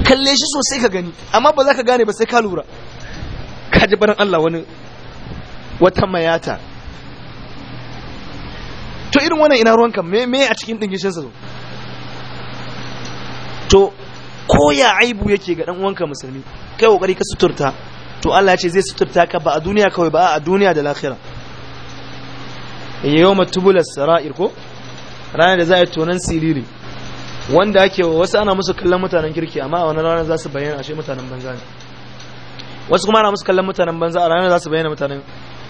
kalle shi sosai ka gani amma ba za ka gane ba sai ka lura ka ji barin Allah wani wata mayata to irin wannan ina ruwanka me me a cikin dingishin sa to ko ya aibu yake ga dan uwanka musulmi kai kokari ka suturta to Allah ya ce zai suturta ka ba a duniya kawai ba a duniya da lakhira yawma tubula sarair ko ranar da za a yi tonan siriri wanda ake wasu ana musu kallon mutanen kirki amma a wani ranar za su bayyana ashe mutanen banza ne wasu kuma ana musu kallon mutanen banza a ranar za su bayyana mutanen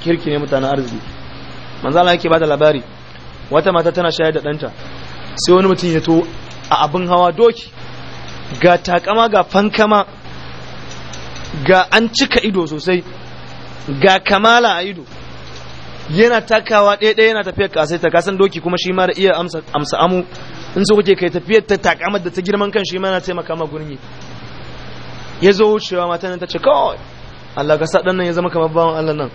kirki ne mutanen arziki manzo Allah yake bada labari wata mata tana shayar da danta sai wani mutum ya to a abin hawa doki ga takama ga fankama ga an cika ido sosai ga kamala a ido yana takawa ɗaya ɗaya yana tafiya kasai ta kasan doki kuma shi ma da iya amsa amu in so kuke kai tafiyar ta takamar da ta girman kan shi ma na taimaka ma gurin ya zo wucewa mata nan ta ce kawai Allah ka sadan nan ya zama kamar bawan Allah nan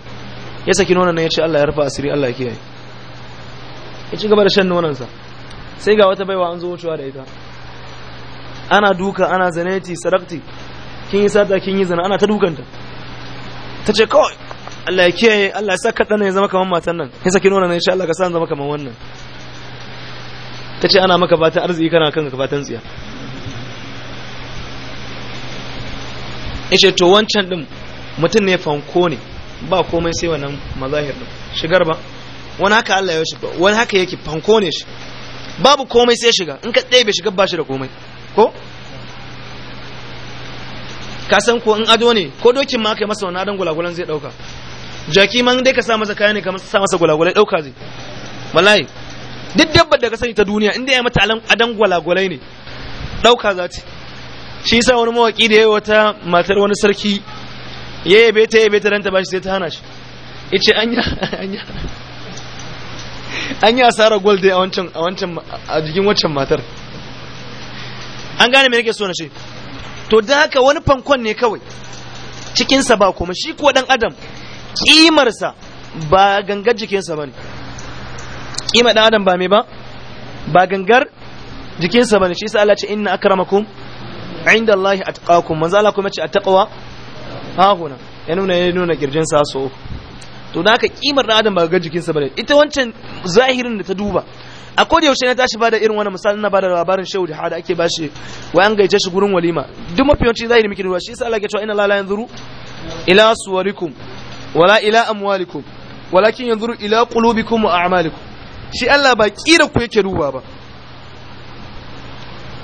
ya saki nonon nan ya ce Allah ya rufa asiri Allah ya kiyaye ya ci gaba da shan nonon sa sai ga wata baiwa an zo wucewa da ita ana duka ana zanati sarakti kin yi sata kin yi zana ana ta dukanta ta ce kawai Allah ya kiyaye Allah ya saka dan nan ya zama kamar matan nan ya saki nonon nan ya ce Allah ka sa zama kamar wannan ta ce ana maka fatan arziki kana kanka fatan tsiya ishe to wancan din mutum ne fanko ne ba komai sai wannan mazahir din shigar ba wani haka Allah ya shi wani haka yake fanko ne shi babu komai sai shiga in ka bai shiga ba shi da komai ko ka san ko in ado ne ko dokin ma kai masa wani adon gulagulan zai ɗauka jaki man dai ka sa masa kaya ne ka sa masa gulagulai ɗauka zai wallahi duk dabbar da ka sani ta duniya inda ya mata adan gwalagwalai ne ɗauka za ta shi sa wani mawaki da yayi wata matar wani sarki ya yabe ta yabe ta ranta bashi sai ta hana shi yace anya anya an yi gold dai a wancan a wancan a jikin wancan matar an gane me yake so na ce to da haka wani fankon ne kawai cikinsa ba kuma shi ko dan adam kimarsa ba gangar jikinsa bane. kima dan adam ba me ba ba gangar jikinsa bane shi yasa Allah ce inna akramakum inda Allah atqakum manzo Allah kuma ce attaqwa ha huna ya nuna ya nuna girjin sa so to da haka kimar dan adam ba ga jikinsa bane ita wancan zahirin da ta duba a koda yaushe na tashi bada irin wani misali na bada labarin shehu da hada ake bashi wai an gaice shi gurin walima duk mafi yawanci zahiri muke duba shi yasa Allah ya ce inna la la yanzuru ila suwarikum wala ila amwalikum walakin yanzuru ila qulubikum wa a'malikum shi Allah ba kira ku yake duba ba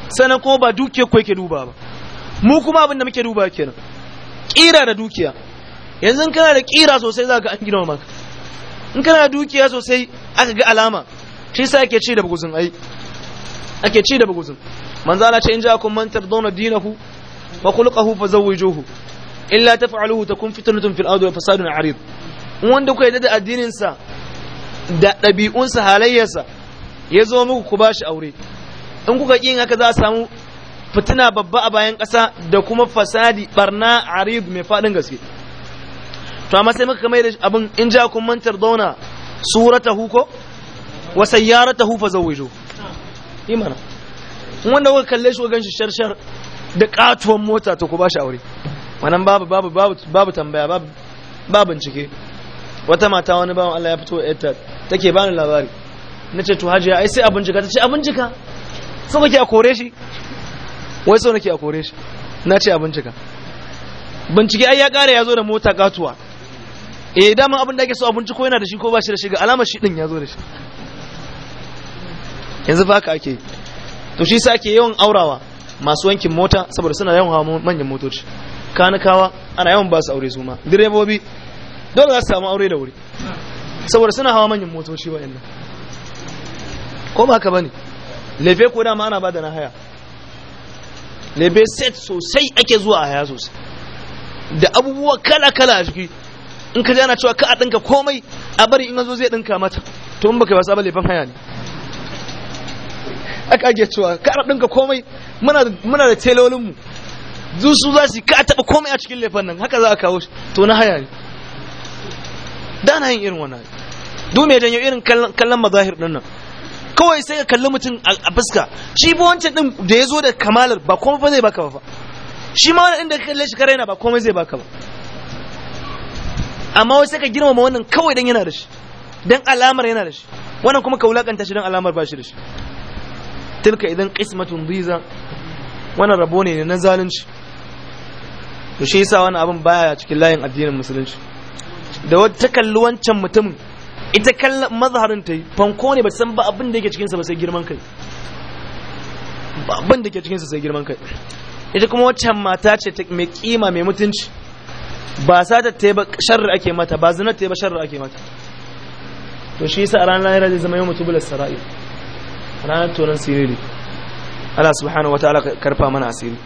sanan kuma ba dukiyar ku yake duba ba mu kuma abin da muke duba kenan kira da dukiya yanzu kana da kira sosai za ka an gina maka in kana da dukiya sosai aka ga alama shi sa ake ci da buguzin ai ake ci da buguzin manzo Allah ce in ja kun man tardona dinahu wa khulquhu fazawwijuhu illa taf'aluhu takun fitnatun fil ardi wa fasadun arid wanda ku yadda addinin sa da ɗabi'unsa halayyarsa ya zo muku ku bashi aure in kuka ƙin haka za a samu fitina babba a bayan ƙasa da kuma fasadi barna arid mai faɗin gaske to amma sai muka mai da abin in ja kun mantar dauna suratahu ko wa sayyaratahu fa zawwiju imana wanda kuka kalle shi ganshi sharshar da katuwan mota to ku bashi aure wannan babu babu babu babu tambaya babu babu bincike wata mata wani bawan Allah ya fito yarta take bani labari na ce to hajiya ai sai abin jika ta ce abin jika so kake a kore shi wai so nake a kore shi na ce abin jika bincike ai ya kare ya zo da mota katuwa eh dama abin da ake so abin jiko yana da shi ko ba shi da shi ga alamar shi din ya zo da shi yanzu ba haka ake to shi sa ake yawan aurawa masu wankin mota saboda suna yawan hawa manyan motoci kanikawa ana yawan ba su aure su ma direbobi dole za su samu aure da wuri saboda suna hawa manyan motoci wa'annan ko ba ka bane lefe ko dama ana bada na haya lefe set sosai ake zuwa a haya sosai da abubuwa kala-kala a ciki in ka jana cewa ka a ɗinka komai a bari in zo zai ɗinka mata to in ka basa ba lefen haya ne aka ake cewa ka a ɗinka komai muna da telolinmu zuwa su za su ka a taɓa komai a cikin lefen nan haka za a kawo shi to na haya ne da na yin irin wannan duk mai janyo irin kallon mazahir din nan kawai sai ka kalli mutum a fuska shi bi wancan din da ya zo da kamalar ba komai ba zai baka ba shi ma wani inda ka kalle shi karaina ba komai zai baka ba amma wai sai ka girmama wannan kawai dan yana da shi dan alamar yana da shi wannan kuma ka wulakanta shi dan alamar ba shi da shi tilka idan qismatun dhiza wannan rabo ne na zalunci to shi yasa wannan abin baya cikin layin addinin musulunci da wata kalli wancan mutumin ita kalla mazharin ta yi fanko ne ba san ba abin da yake cikinsa ba sai girman kai ba abin da yake cikinsa sai girman kai ita kuma waccan mata ce ta mai kima mai mutunci ba sa ta ta ba sharri ake mata ba zina ta yi ba sharri ake mata to shi yasa ranar lahira zai zama yau mutu bulas sara'i ranar tonon siriri Allah subhanahu ala karfa mana asiri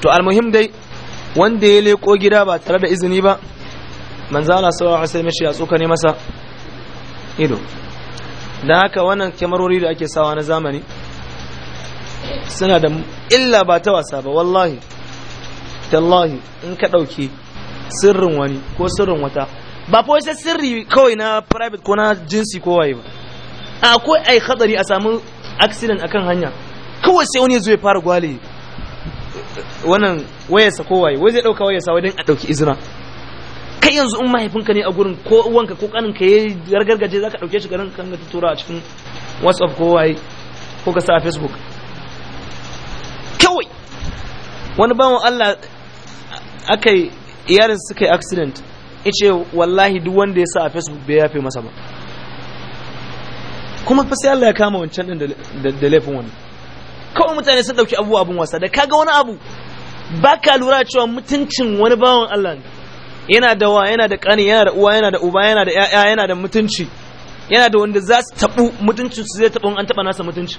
to almuhim dai wanda ya leko gida ba tare da izini ba manzo Allah sallallahu alaihi wasallam ya tsoka ne masa ido dan haka wannan kyamarori da ake sawa na zamani suna da illa ba ta wasa ba wallahi tallahi in ka dauke sirrin wani ko sirrin wata ba fa sai sirri kawai na private ko na jinsi ko waye ba akwai ai hadari a samu accident akan hanya kawai sai wani ya fara gwale wannan wayarsa ko waye wai zai dauka wayarsa wai dan a dauki izina kai yanzu in mahaifinka ne a gurin ko uwanka ko kaninka ya gargargaje za ka ɗauke shi garin kan ta tura a cikin whatsapp ko waye ko ka sa a facebook kawai wani bawan allah aka yi su suka yi accident ice wallahi duk wanda ya sa a facebook bai yafe masa ba kuma fa sai allah ya kama wancan ɗin da laifin wani kawai mutane sun ɗauki abubuwa abin wasa da kaga wani abu ba ka lura cewa mutuncin wani bawan allah ne yana da wa yana da ƙani yana da uwa yana da uba yana da ƴaƴa yana da mutunci yana da wanda za su taɓu mutuncin su zai taɓu an taɓa nasa mutunci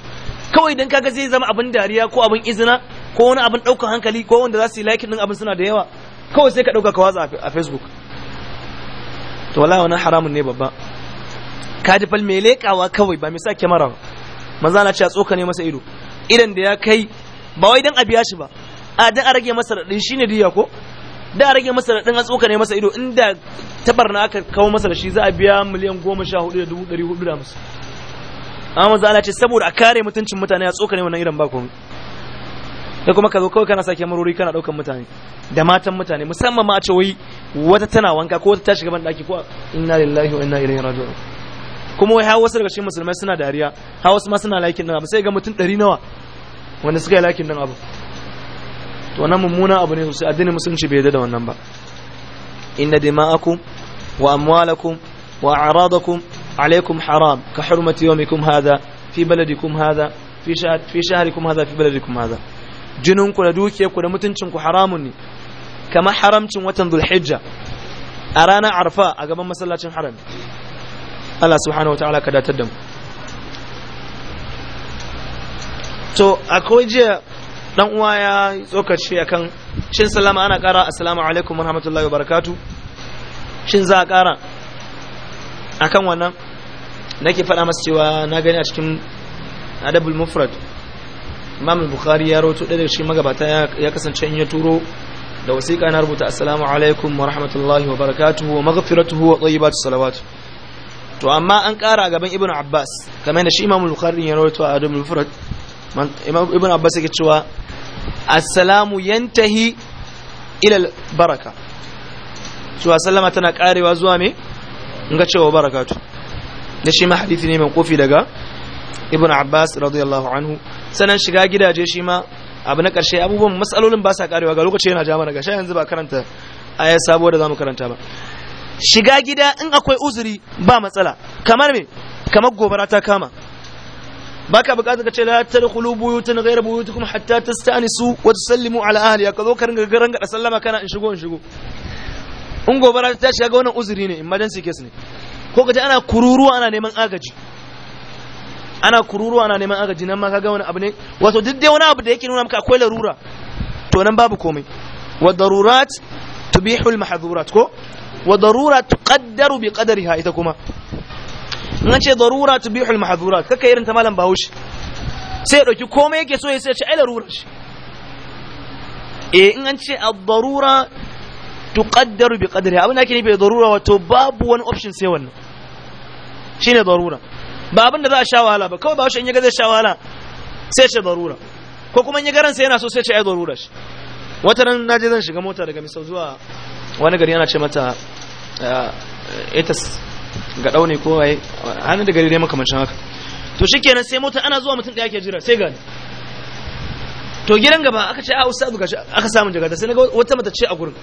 kawai idan kaga zai zama abin dariya ko abin izina ko wani abin ɗaukar hankali ko wanda za su yi like din abin suna da yawa kawai sai ka ɗauka ka watsa a facebook to wala wani haramun ne babba kadifal mai leƙawa kawai ba mai sa kyamara maza na a tsoka ne masa ido idan da ya kai ba wai dan a biya shi ba a dan a rage masa raɗin shine diya ko da rage masa da ɗan atsoka ne masa ido inda tabar na aka kawo masa da shi za a biya miliyan goma sha hudu da dubu ɗari hudu da musu amma maza ce saboda a kare mutuncin mutane a tsoka ne wannan irin ba komai da kuma ka zo kawai kana sake marori kana ɗaukan mutane da matan mutane musamman ma a ce wai wata tana wanka ko wata ta shiga ban ɗaki ko inna lillahi wa inna ilaihi raji'un kuma wai hawa daga cikin musulmai suna dariya hawa wasu ma suna laikin nan abu sai ga mutum ɗari nawa wanda suka yi laikin nan abu to wannan mummuna abu ne sosai addinin musulunci bai da wannan ba inna dima'akum wa amwalakum wa a'radakum alaikum haram ka hurmati yawmikum hadha fi baladikum hadha fi shahr fi shahrikum hadha fi baladikum hadha jininku da dukiyarku da mutuncinku haramun ne kama haramcin watan zulhijja a ranar arfa a gaban masallacin haram Allah subhanahu wataala ka datar da mu to akwai jiya dan uwa ya tsokaci akan shin salama ana kara assalamu alaikum warahmatullahi wabarakatuh shin za a kara akan wannan nake faɗa masa cewa na gani a cikin adabul mufrad imam bukhari ya rawaito da shi magabata ya kasance in ya turo da wasiƙa na rubuta assalamu alaikum warahmatullahi wabarakatuh wa maghfiratuhu wa tayyibatu salawat to amma an kara gaban ibn abbas kamar da shi imam bukhari ya rawaito a adabul mufrad imam ibn abbas yake cewa assalamu yantahi ilal baraka cewa sallama tana karewa zuwa me ga cewa barakatu da shi ma hadisi ne mai kofi daga ibn abbas radiyallahu anhu sanan shiga gidaje shi ma abu na karshe abubuwan matsalolin ba sa karewa ga lokaci yana ja mana gashi yanzu ba karanta ayar sabo da zamu karanta ba shiga gida in akwai uzuri ba matsala kamar me kamar gobara ta kama baka bukatar ka ce la tadkhulu buyutan ghayra buyutikum hatta tastanisu wa tusallimu ala ahliha ka zo ka ringa garan ga sallama kana in shigo in shigo in gobara ta shiga ga wannan uzuri ne emergency case ne ko kaje ana kururuwa ana neman agaji ana kururuwa ana neman agaji nan ma kaga wani abu ne wato duk dai wani abu da yake nuna maka akwai larura to nan babu komai wa darurat tubihu mahdhurat ko wa darurat tuqaddaru bi qadariha ita kuma na ce darura tu bihul mahadura kaka irin ta malam bahaushe sai ya ɗauki komai yake so ya sai ce ai larura shi eh in an ce ad-darura tuqaddaru bi qadri abin da ake nufi da darura wato babu wani option sai wannan shine darura ba abin da za a sha wahala ba kawai bahaushe in ya ga zai sha wahala sai ce darura ko kuma in ya garan ransa yana so sai ce ai darura shi wata ran naje zan shiga mota daga misau zuwa wani gari ana ce mata ita eh, eh, ga daune ko waye hannun da gari ne makamancin haka to shikenan sai mota ana zuwa mutum daya ke jira sai gani to gidan gaba aka ce a ustadu gashi aka samu jagata sai naga wata mata ce a gurin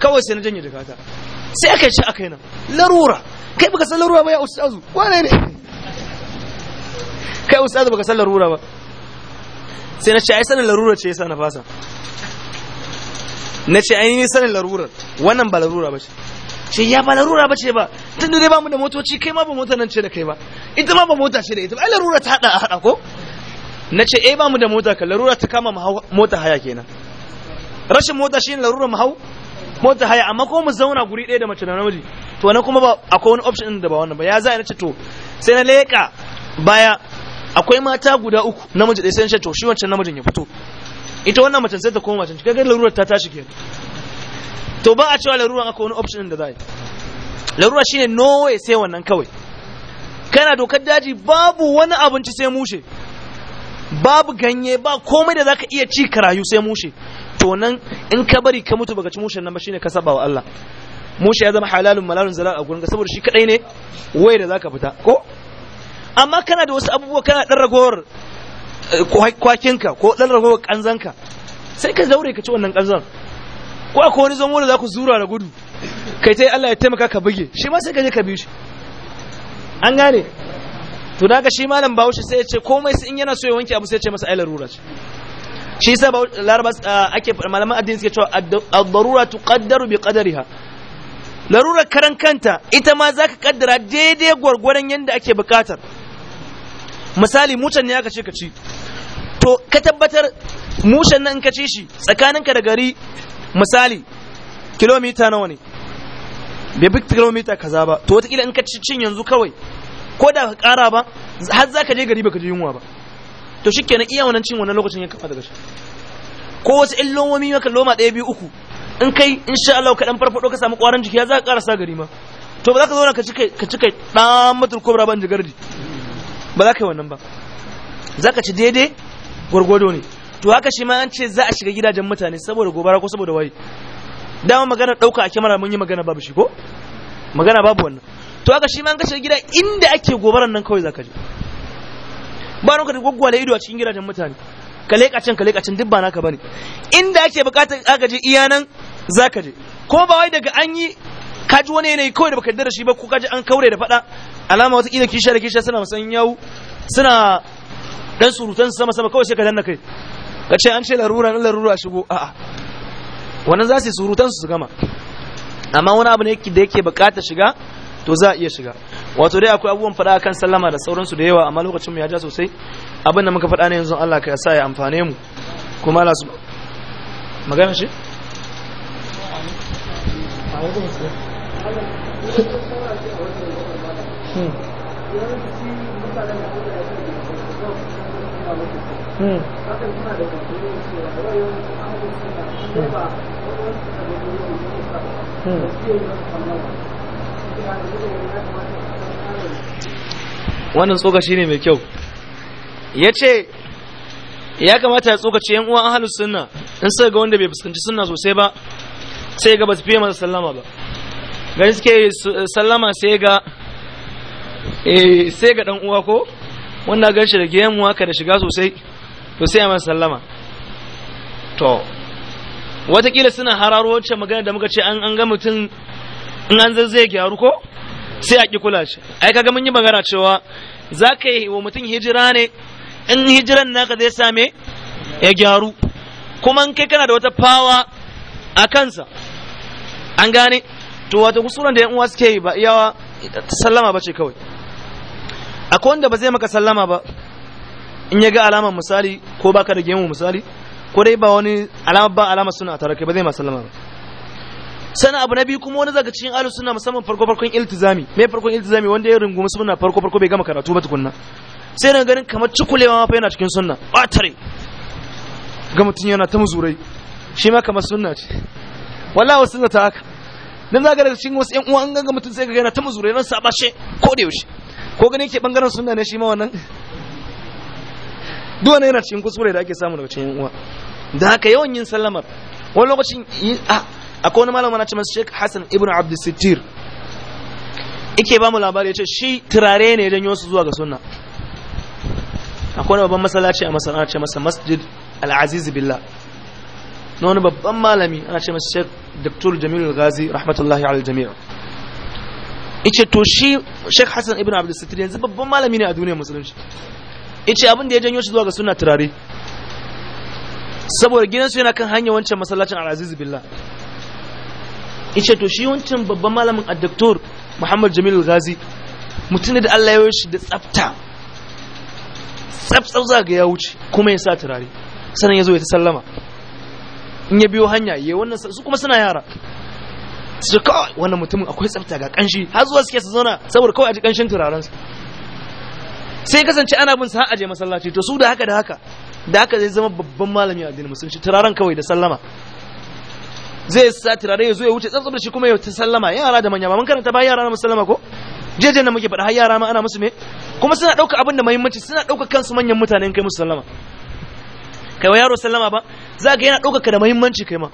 kawai sai na janye jagata sai aka ce aka yana larura kai baka san larura ba ya ustadu kwana ne kai ustadu baka san larura ba sai na ce ai sanin larura ce yasa na fasa na ce ai ni sanin larura wannan ba larura ba ce ce ya ba larura ba ce ba tun da dai bamu da motoci kai ma ba mota nan ce da kai ba ita ma ba mota ce da ita ba ai larura ta hada a hada ko na ce eh bamu da mota ka larura ta kama mu mota haya kenan rashin mota shi ne larura mu hau mota haya amma ko mu zauna guri ɗaya da mace da namiji to na kuma ba akwai wani option din da ba wannan ba ya za na ce to sai na leka baya akwai mata guda uku namiji ɗaya sai na ce to shi wancan namijin ya fito ita wannan mace sai ta koma mace kaga larura ta tashi kenan to ba a cewa laruran aka wani option da za yi larura shine no way sai wannan kawai kana dokar daji babu wani abinci sai mushe babu ganye ba komai da zaka iya ci karayu sai mushe to nan in ka bari ka mutu baka ci mushen nan ba shine ka saba wa Allah mushe ya zama halalun malalun zalal a gurin ka saboda shi kadai ne wai da zaka fita ko amma kana da wasu abubuwa kana dan ragowar eh, kwakinka ko dan ragowar kanzanka sai ka zaure ka ci wannan kanzan ko akwai wani zama wanda za ku zura da gudu kai ta yi Allah ya taimaka ka buge shi ma sai ka je ka biyu shi an gane to da shi malam bahaushe sai ya ce komai sai in yana so ya wanke abu sai ya ce masa ailar larura ce shi yasa larabas ah, ake malaman addini suke cewa ad-darura tuqaddaru bi qadariha larura karan kanta ita ma zaka kaddara daidai gwargwaron yanda ake bukatar misali mutan ne aka ce ka ci to ka tabbatar mushen nan ka ci shi tsakaninka da gari misali kilomita nawa ne bai bi kilomita kaza ba to watakila in ka ci cin yanzu kawai ko da ka ƙara ba har za ka je gari ba ka ji yunwa ba to shi kenan iya wannan cin wannan lokacin ya kafa daga shi ko wasu illomomi maka loma ɗaya biyu uku in kai insha Allah ka dan farfado ka samu ƙwaran jiki ya za ka karasa gari ma to ba za ka zauna ka cika ka cika dan mutul kobra ban jigardi ba za ka yi wannan ba za ka ci daidai gwargwado ne to haka shi ma an ce za a shiga gidajen mutane saboda gobara ko saboda waye. dama magana ɗauka a kyamara mun yi magana babu shi ko magana babu wannan to haka shi ma an ka shiga gida inda ake gobaran nan kawai za ka je ba ranka da gwaggwale ido a cikin gidajen mutane ka leƙa can ka leƙa can duk ba naka bane inda ake buƙatar aka je iya nan za ka je ko ba wai daga an yi ka ji wani yanayi kawai da baka da shi ba ko ka ji an kaure da faɗa alama wata kila kisha da kishiya suna musan yau suna dan surutan sama sama kawai sai ka danna kai ka ce an ce larura na larura shigo a'a wannan za su surutan su gama amma wani abu ne da yake bukatar shiga to za a iya shiga wato dai akwai abubuwan faɗa kan sallama da sauransu da yawa amma lokacin mu ya ja sosai abin da muka faɗa ne yanzu Allah ka sa ya amfane mu kuma Allah su magana shi Hmm. wannan tsoka shi ne mai kyau ya ce ya kamata ya tsokace yan uwan ahalus sunna in sai ga wanda bai fuskanci sunna sosai ba sai ga ba su fiye masa sallama ba gani suke sallama sai ga eh, sai ga dan uwa ko wanda gan shi da gemuwa ka da shiga sosai to sai a sallama to watakila suna hararo wacce magana da muka ce an ga mutum in an zai gyaru ko sai a ƙi kula shi ai kaga mun yi magana cewa za ka yi wa mutum hijira ne in hijiran naka zai same ya gyaru kuma in kai kana da wata fawa a kansa an gane to wata kusuran da yan uwa suke yi ba iyawa sallama ba ce kawai akwai wanda ba zai maka sallama ba in ya ga alamar misali ko ba ka da gemu misali ko dai ba wani alama ba alama suna tare kai ba zai masu lamar ba sana abu na biyu kuma wani zaga cikin alu suna musamman farko farkon iltizami me farkon iltizami wanda ya rungumi suna farko farko bai gama karatu ba tukunna sai na ganin kamar cikulewa ma fa yana cikin sunna batare ga mutum yana ta muzurai shi ma kamar sunna ce wallahi sunna ta haka dan zaga daga cikin wasu 'yan uwa an ganga mutum sai ga yana ta muzurai ran sabashe ko da yaushe ko gani yake bangaren sunna ne shi ma wannan duk wani yana cikin kusurai da ake samu daga cikin uwa da haka yawan yin sallamar wani lokacin A akwai wani malama na ce masu Sheikh Hassan Ibn Abd Sittir ba mu labari ya ce shi turare ne don yosu zuwa ga sunna akwai wani babban masallaci a masana ce masa Masjid Al-Aziz Billah na wani babban malami ana ce masa Sheikh Dr. Jamilu Ghazi rahmatullahi al jami'a yace to shi Sheikh Hassan Ibn Abd Sittir yanzu babban malami ne a duniyar musulunci ice abin da ya janyo shi zuwa ga suna turare saboda gidansu yana kan hanyar wancan masallacin al'aziz billah ice to shi wancan babban malamin addaktor muhammad jamil ghazi mutum da allah ya shi da tsafta tsaftsaf za ga ya wuce kuma ya sa turare sannan ya zo ya ta sallama in ya biyo hanya ya wannan su kuma suna yara su kawai wannan mutumin akwai tsafta ga kanshi har zuwa suke su zauna saboda kawai a ji kanshin su. sai kasance ana bin sa aje masallaci to su da haka da haka da haka zai zama babban malami a addinin musulunci turaren kawai da sallama zai sa turare ya zo ya wuce tsantsan da shi kuma ya ta sallama yara da manya ba mun karanta ba yara na musallama ko jejen na muke faɗa har yara ma ana musu me kuma suna ɗauka abin da muhimmanci suna ɗauka kansu manyan mutane in kai musu sallama kai wa yaro sallama ba za ka yana ɗauka ka da muhimmanci kai ma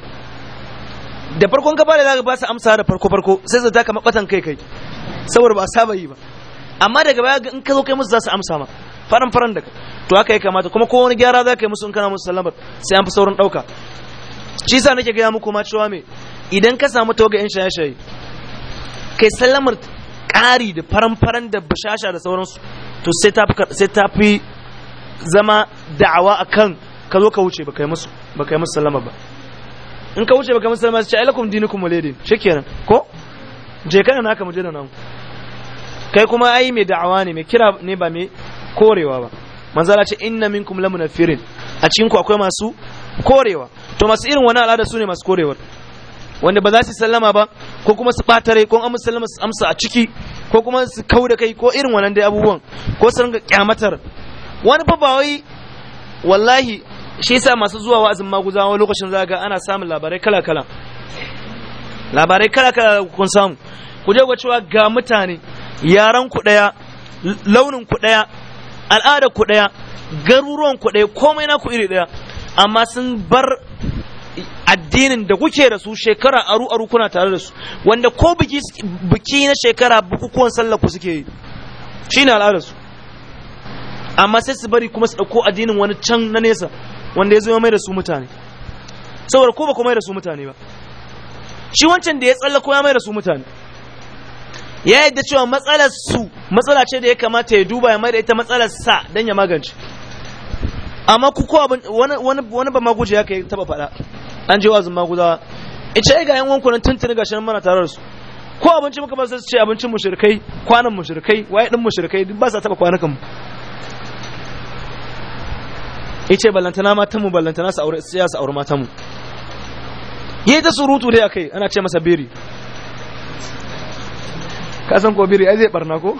da farkon ka da za ka ba su amsa da farko farko sai zata ka mabatan kai kai saboda ba a saba yi ba amma daga baya in ka zo kai musu za su amsa ma faran faran daga to haka ya kamata kuma ko wani gyara za ka yi musu in kana musu sallamar sai an fi saurin ɗauka shi sa nake gaya muku ma cewa me idan ka samu tawaga in shaye-shaye kai sallamar ƙari da faran faran da bashasha da sauransu to sai ta fi zama da'awa akan ka zo ka wuce ba kai musu ba kai musu sallama ba in ka wuce ba kai musu sallama sai ce alaikum dinukum walidin shikenan ko je kana naka mu je da namu kai kuma ai mai da'awa ne mai kira ne ba mai korewa ba manzala ce inna minkum la munafirin a cikin ku akwai masu korewa to masu irin wani al'ada su ne masu korewar wanda ba za su sallama ba ko kuma su ɓatare ko an sallama su amsa a ciki ko kuma su kau da kai ko irin wannan dai abubuwan ko su ringa kyamatar wani fa ba wai wallahi shi yasa masu zuwa wa'azin maguzawa lokacin za ga ana samun labarai kala-kala labarai kala-kala kun samu ku je cewa ga mutane yaran ku ɗaya launin ku ɗaya al'adar ku ɗaya garuruwan ku ɗaya komai na ku iri ɗaya amma sun bar addinin da kuke da su shekara aru aru kuna tare da su wanda ko biki na shekara bukukuwan sallah ku suke yi shine al'adar su amma sai su bari kuma su ɗauko addinin wani can na nesa wanda ya zama mai da su mutane saboda ko ba ku mai da su mutane ba shi wancan da ya tsallako ya mai da su mutane ya yadda cewa matsalar su matsala ce da ya kamata ya duba ya maida ita matsalar sa dan ya magance amma ku ko wani wani ba maguje ya kai taba faɗa an je wazin maguzawa ce ga yan wanku nan tuntuni gashi nan mana tare da su ko abinci muka ba su ce abincin mushrikai kwanan mushrikai waye din mushrikai duk ba sa taba kwanakan mu yace ballantana matan mu ballantana su aure su aure matan mu yayi ta surutu dai akai ana ce masa biri ka san ko biri ai zai barna ko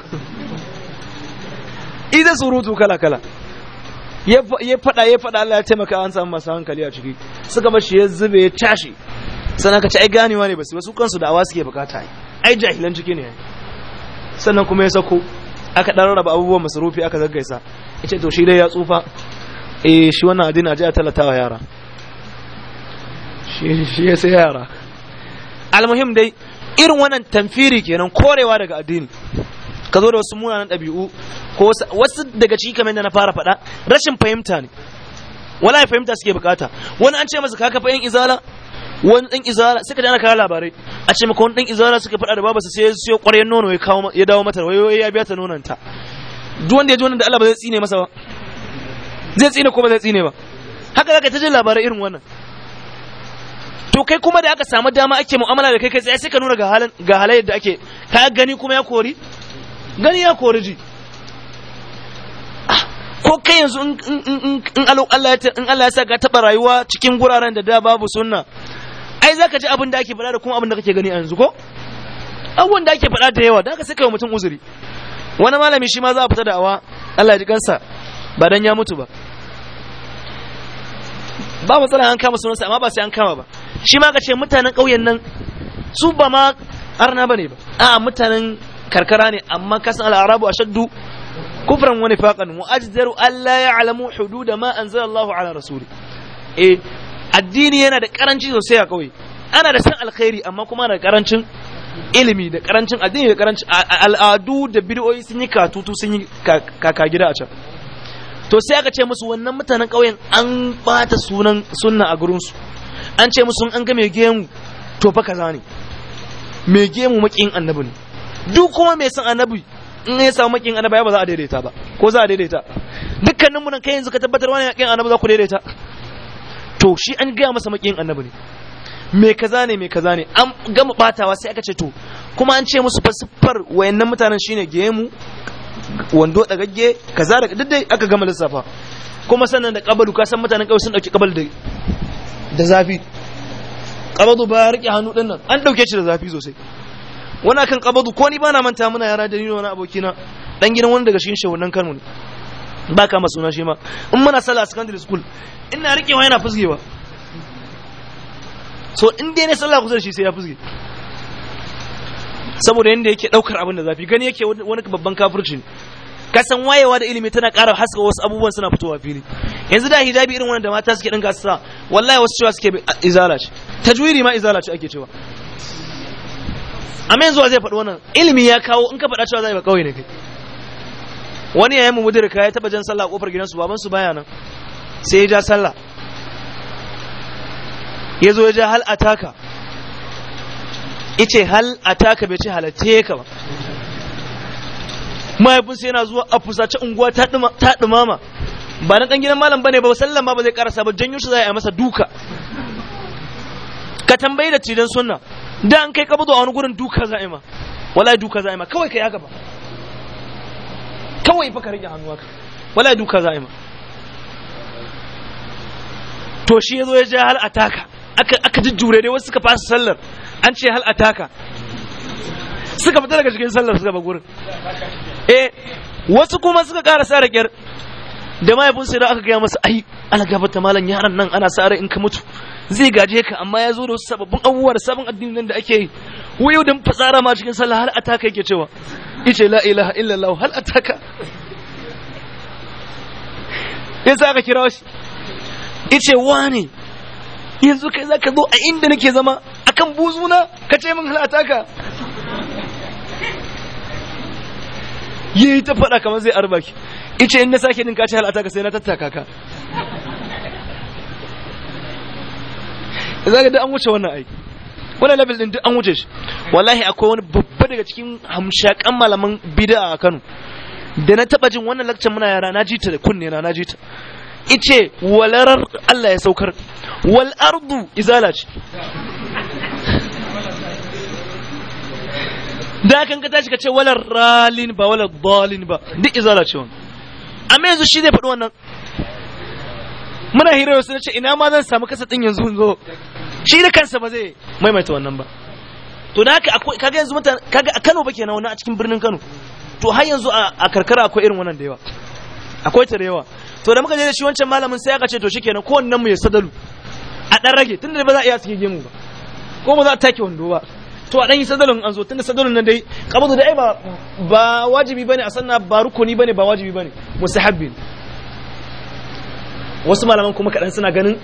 idan surutu kala kala ya fada ya fada Allah ya taimaka an samu masu hankali a ciki suka bar shi ya zube ya tashi sannan ka ci ai ganewa ne basu su kansu da awa suke bukata ai jahilan ciki ne sannan kuma ya sako aka dan raba abubuwan masarufi aka zaggaisa yace to shi dai ya tsufa eh shi wannan addini aje a talatawa yara shi shi sai yara almuhim dai irin wannan tamfiri kenan korewa daga addini ka zo da wasu munanan ɗabi'u ko wasu daga ciki kamar da na fara faɗa rashin fahimta ne wala ya fahimta suke bukata wani an ce masa kaka kafa yan izala wani dan izala suka ji ana kawo labarai a ce maka wani dan izala suka faɗa da babarsa sai ya siyo ƙwaryen nono ya kawo ya dawo mata wai ya biya ta ta? duk wanda ya ji wannan da Allah ba zai tsine masa ba zai tsine ko ba zai tsine ba haka zaka ta ji labarai irin wannan to kai kuma da aka samu dama ake mu'amala da kai kai tsaye sai ka nuna ga halin ga halayyar da ake ka gani kuma ya kori gani ya kori ji ah, ko kai yanzu in Allah ya in Allah ya sa ka taba rayuwa cikin guraren da da babu sunna ai zaka ji abin da ake faɗa da kuma abin da kake gani yanzu ko Abun da ake faɗa da yawa da aka sai kai mutum uzuri wani malami shi ma za a fita da awa Allah ya ji kansa ba dan ya mutu ba ba matsala an kama sunansa amma ba sai an kama ba shi ma ka ce mutanen ƙauyen nan su ba ma arna bane ba a mutanen karkara ne amma kasan al'arabu ashaddu kufran wani faƙan allah ya alla ya'lamu da ma allahu ala rasuli eh addini yana da karanci sosai a ƙauye ana da san alkhairi amma kuma da karancin ilimi da karancin addini da karancin al'adu da bid'o'i sun yi katutu sun yi kaka gida a can to sai aka ce musu wannan mutanen ƙauyen an bata sunan sunna a gurinsu an ce musu an ga mai gemu to fa kaza ne mai gemu makin annabi ne duk kuma mai san annabi in ya samu makin annabi ba za a daidaita ba ko za a daidaita dukkanin mu nan kai yanzu ka tabbatar wani makin annabi za ku daidaita to shi an ga masa makin annabi ne mai kaza ne mai kaza ne an gama batawa sai aka ce to kuma an ce musu fa siffar wayannan mutanen shine gemu wando gagge kaza da duk dai aka gama lissafa kuma sannan da kabalu ka san mutanen kawai sun dauki kabal da da zafi kabadu ba ya rike hannu din nan an dauke shi da zafi sosai wani akan kabadu ko ni bana manta muna yara da ni wani abokina dan gidan wani daga shin shehunan Kano ne ba ka masu suna shi ma in muna sallah a secondary school ina rikewa yana fusgewa so in dai ne sallah kusa da shi sai ya fusge saboda yadda yake daukar abin da zafi gani yake wani babban kafirci ka san wayewa da ilimi tana ƙara haska wasu abubuwan suna fitowa fili yanzu da hijabi irin wannan da mata suke dinga sa wallahi wasu cewa suke izala ce tajwiri ma izala ce ake cewa amma yanzu zai faɗi wannan ilimi ya kawo in ka faɗa cewa zai ba kawai ne kai wani yayin mu mudirka ya taɓa jan sallah a gidan gidansu baban su baya nan sai ya ja sallah ya zo ya ja hal ataka ice hal ataka bai ce halatte ka ba mahaifinsa yana zuwa a fusace unguwa ta dumama ba na dan gidan malam bane ba sallan ma ba zai karasa ba janyo shi za a masa duka ka tambayi da cidan sunna da an kai kabudu a wani gurin duka za a ma wallahi duka za a ma kawai ka ya gaba kawai fa ka rike hannuwa ka wallahi duka za a ma to shi yazo ya ji hal ataka aka aka jujjure dai wasu suka fasa sallar an ce hal ataka suka fita daga cikin sallar suka ba eh wasu kuma suka ƙara sa da ƙyar da mahaifinsu da aka gaya masa ai algaba ta malam yaran nan ana sa in ka mutu zai gaje ka amma ya zo da wasu sababbin abubuwa da sabon addinin nan da ake yi wayo da fatsara ma cikin sallah har ataka yake cewa ice la ilaha illallah hal ataka sa aka kira shi ice wane yanzu kai ka zo a inda nake zama akan buzuna ka ce min halata ka yi ta faɗa kamar zai arbaki ice in na sake din ka ce halata ka sai na tattaka ka za ka da an wuce wannan aiki wannan level din duk an wuce shi wallahi akwai wani babba daga cikin hamshakan malaman bid'a a Kano da na taba jin wannan lakcin muna yara na jita da kunne na na jita ice walarar Allah ya saukar wal ardu izala ce da kan ka tashi ka ce walar ralin ba walar balin ba duk izala ce wani amma yanzu shi zai faɗi wannan muna hira wasu na ce ina ma zan samu kasa ɗin yanzu zo shi da kansa ba zai maimaita wannan ba to da haka akwai kaga yanzu mutane kaga a Kano ba kenan wani a cikin birnin Kano to har yanzu a karkara akwai irin wannan da yawa akwai ta yawa to da muka je da shi wancan malamin sai aka ce to shikenan kowannen mu ya sadalu a dan rage tunda ba za a iya cikin gemu ba ko ba za a take wando ba to a dan yi sadalin an zo tunda sadalin nan dai kabadu da ai ba ba wajibi bane a sanna ba rukuni bane ba wajibi bane musahabbin wasu malaman kuma kadan suna ganin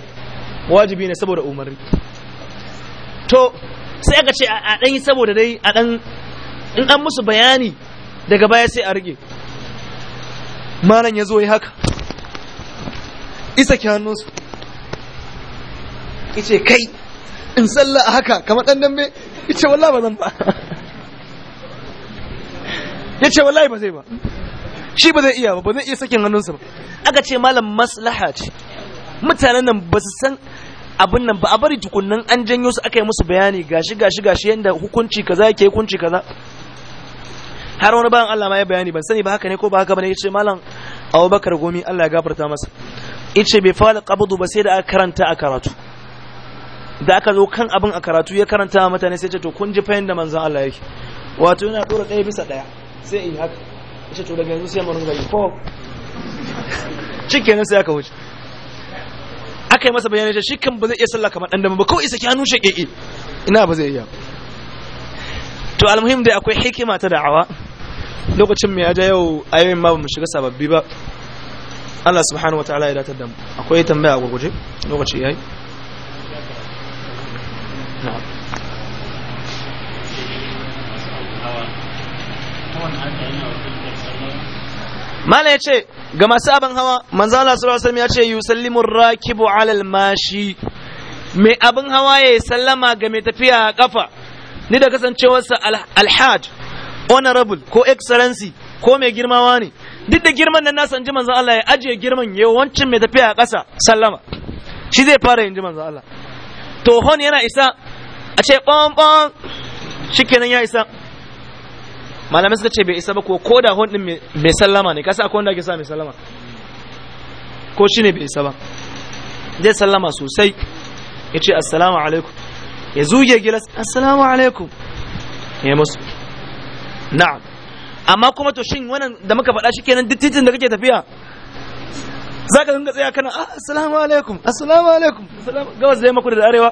wajibi ne saboda umarni to sai aka ce a dan yi saboda dai a dan in an musu bayani daga baya sai a rike malam ya zo yi haka isa ki hannunsu ice kai in salla a haka kamar dan dambe yace wallahi ba zan ba yace wallahi ba zai ba shi ba zai iya ba ba zai iya sakin hannunsa ba aka ce malam maslaha ce mutanen nan ba su san abin nan ba a bari tukunnan an janyo su aka yi musu bayani gashi gashi gashi yanda hukunci kaza yake hukunci kaza har wani bayan Allah ma ya bayani ban sani ba haka ne ko ba haka bane yace malam Abubakar Gomi Allah ya gafarta masa yace bai fara qabdu ba sai da aka karanta a karatu da aka zo kan abin a karatu ya karanta wa mutane sai ce to kun ji fayin da manzon Allah yake wato yana dora ɗaya bisa ɗaya sai in haka ce to daga yanzu sai mun rinka yi ko cikin sai aka wuce aka yi masa bayanai shi kan ba zai iya sallah kamar dama ba kawai isa ki shi shakeke ina ba zai iya to almuhim dai akwai hikima ta da'awa lokacin mai aja yau ayoyin ma mu shiga sababbi ba Allah subhanahu Taala ya datar da mu akwai tambaya a gurguje lokaci yayi mala ya ce ga masu abin hawa manzo Allah sallallahu alaihi ya ce yusallimu rakibu alal mashi mai abin hawa ya sallama ga mai tafiya a kafa ni da kasancewarsa alhaj honorable ko excellency ko mai girmawa ne duk da girman nan nasa in ji manzan Allah ya ajiye girman yawancin mai tafiya a ƙasa sallama shi zai fara yin ji manzan Allah to hon yana isa a ce ɓon-ɓon shi kenan ya isa malamai suka ce bai isa ba ko ko da hon ɗin mai sallama ne kasa akwai wanda ake sa mai sallama ko shi ne bai isa ba zai sallama sosai ya ce assalamu alaikum ya zuge gilas assalamu alaikum ya musu na'am amma kuma to shin wannan da muka faɗa shi kenan duk titin da kake tafiya za ka dinga tsaya kana ah, assalamu alaikum assalamu alaikum Gawar zai maku da arewa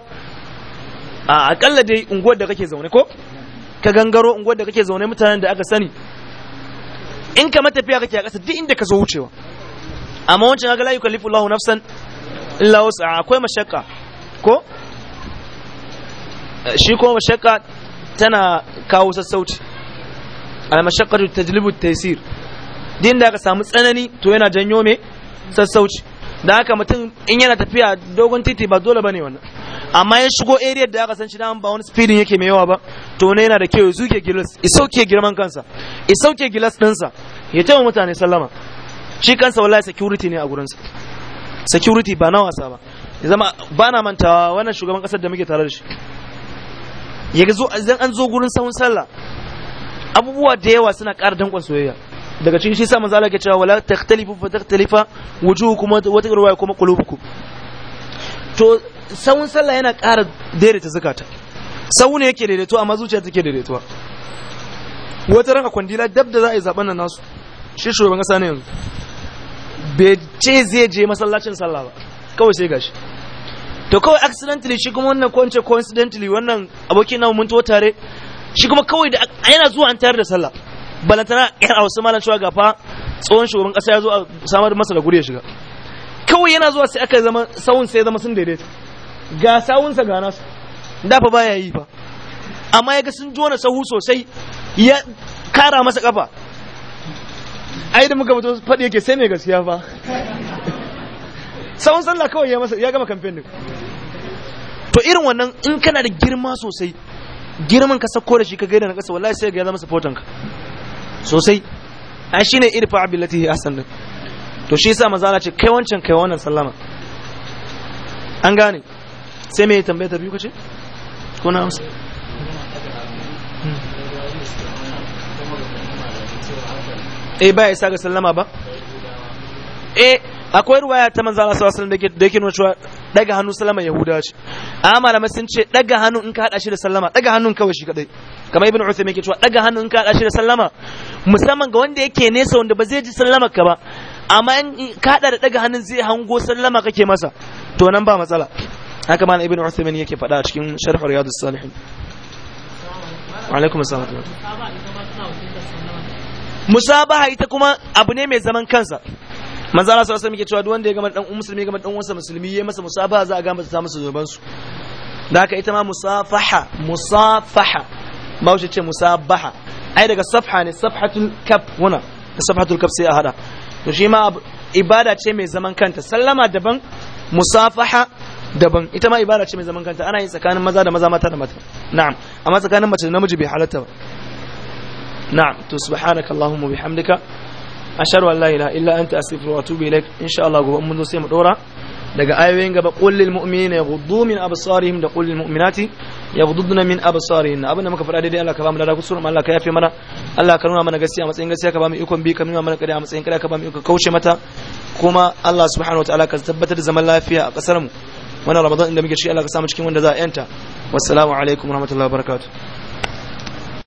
a akalla dai unguwar da kake zaune ko ka gangaro unguwar da kake zaune mutanen da aka sani in ka matafiya kake a ƙasa duk inda ka zo wucewa amma wancan ga la yukallifu Allahu nafsan illa wus'a akwai mashaka, ko shi ko mashaka tana kawo sassauci al mashaqqatu tajlibu at-taysir din da aka samu tsanani to yana janyo me sassauci da haka mutum in yana tafiya dogon titi ba dole bane wannan amma ya shigo area da aka san shi dan ba wani speeding yake mai yawa ba to ne yana da kyau ya zuke gilas ya sauke girman kansa ya sauke gilas dinsa ya taimaka mutane sallama shi kansa wallahi security ne a gurinsa security ba na wasa ba ya zama ba na mantawa wannan shugaban kasar da muke tare da shi ya zo an zo gurin sahun sallah abubuwa da yawa suna ƙara dankon soyayya daga cikin shi sa manzo Allah ke cewa wala takhtalifu fa takhtalifa wujuhukum wa taqruwa kuma qulubukum to sawun sallah yana ƙara daidaita zakata sawu ne yake daidaito amma zuciya take daidaituwa wata ran akwai kwandila dab da za a yi zaben nan nasu shi shugaban kasa ne yanzu bai ce zai je masallacin sallah ba kawai sai gashi to kawai accidentally shi kuma wannan kwance coincidentally wannan abokin na mun tare shi kuma kawai da yana zuwa an tayar da sallah balatana yan wasu malam cewa gafa tsohon shugaban kasa ya zo a samar masa da guri ya shiga kawai yana zuwa sai aka zama sawun sai zama sun daidaita ga sawunsa ga nasu da fa baya yi fa amma ya ga sun jona sahu sosai ya kara masa kafa ai da muka fito faɗi yake sai mai gaskiya fa sawun sallah kawai ya masa ya gama kamfen din to irin wannan in kana da girma sosai girman ka sako da shi ka gaida na kasa wallahi sai ga ya zama supportan ka sosai ai shine irfa billati ahsan din to shi yasa maza ce kai wancan kai wannan sallama an gane sai me tambaya ta biyu kace ko na amsa eh ba ya isa ga sallama ba eh akwai ruwaya ta manzo Allah sallallahu alaihi wasallam da yake nuna cewa daga hannu sallama yahudawa ce amma malamai sun ce daga hannu in ka hada shi da sallama daga hannun kawai shi kadai kamar ibn Uthman yake cewa daga hannun ka da shi da sallama musamman ga wanda yake nesa wanda ba zai ji sallamar ka ba amma in ka da daga hannun zai hango sallama kake masa to nan ba matsala haka malam ibn Uthman yake faɗa a cikin sharh riyadus salihin wa alaikum assalam musabaha ita kuma abu ne mai zaman kansa manzo Allah sallallahu alaihi wasallam yake cewa duk wanda ya gama dan musulmi ya gama dan uwansa musulmi ya masa musabaha za a ga masa masa zuban su da haka ita ma musafaha musafaha bahaushe ce musabaha ai daga safha ne safhatul kaf wana safhatul kaf sai a hada to shi ma ibada ce mai zaman kanta sallama daban musafaha daban ita ma ibada ce mai zaman kanta ana yin tsakanin maza da maza mata da mata na'am amma tsakanin mace da namiji bai halatta ba na'am to allahumma bihamdika ashhadu an la ilaha illa anta astaghfiruka wa atubu ilaik insha Allah gobe mun zo sai mu dora daga ayoyin gaba kullil mu'minina yaghuddu min absarihim da kullil mu'minati yaghudduna min absarihin abinda muka faɗa daidai Allah ka bamu lada kusur Allah ka yafe mana Allah ka nuna mana gaskiya a matsayin gaskiya ka bamu ikon bi ka nuna mana kada a matsayin kada ka bamu ikon kaushe mata kuma Allah subhanahu wataala ka tabbatar da zaman lafiya a kasar mu wannan Ramadan inda muke shi Allah ka samu cikin wanda za a yanta wassalamu alaikum warahmatullahi wabarakatuh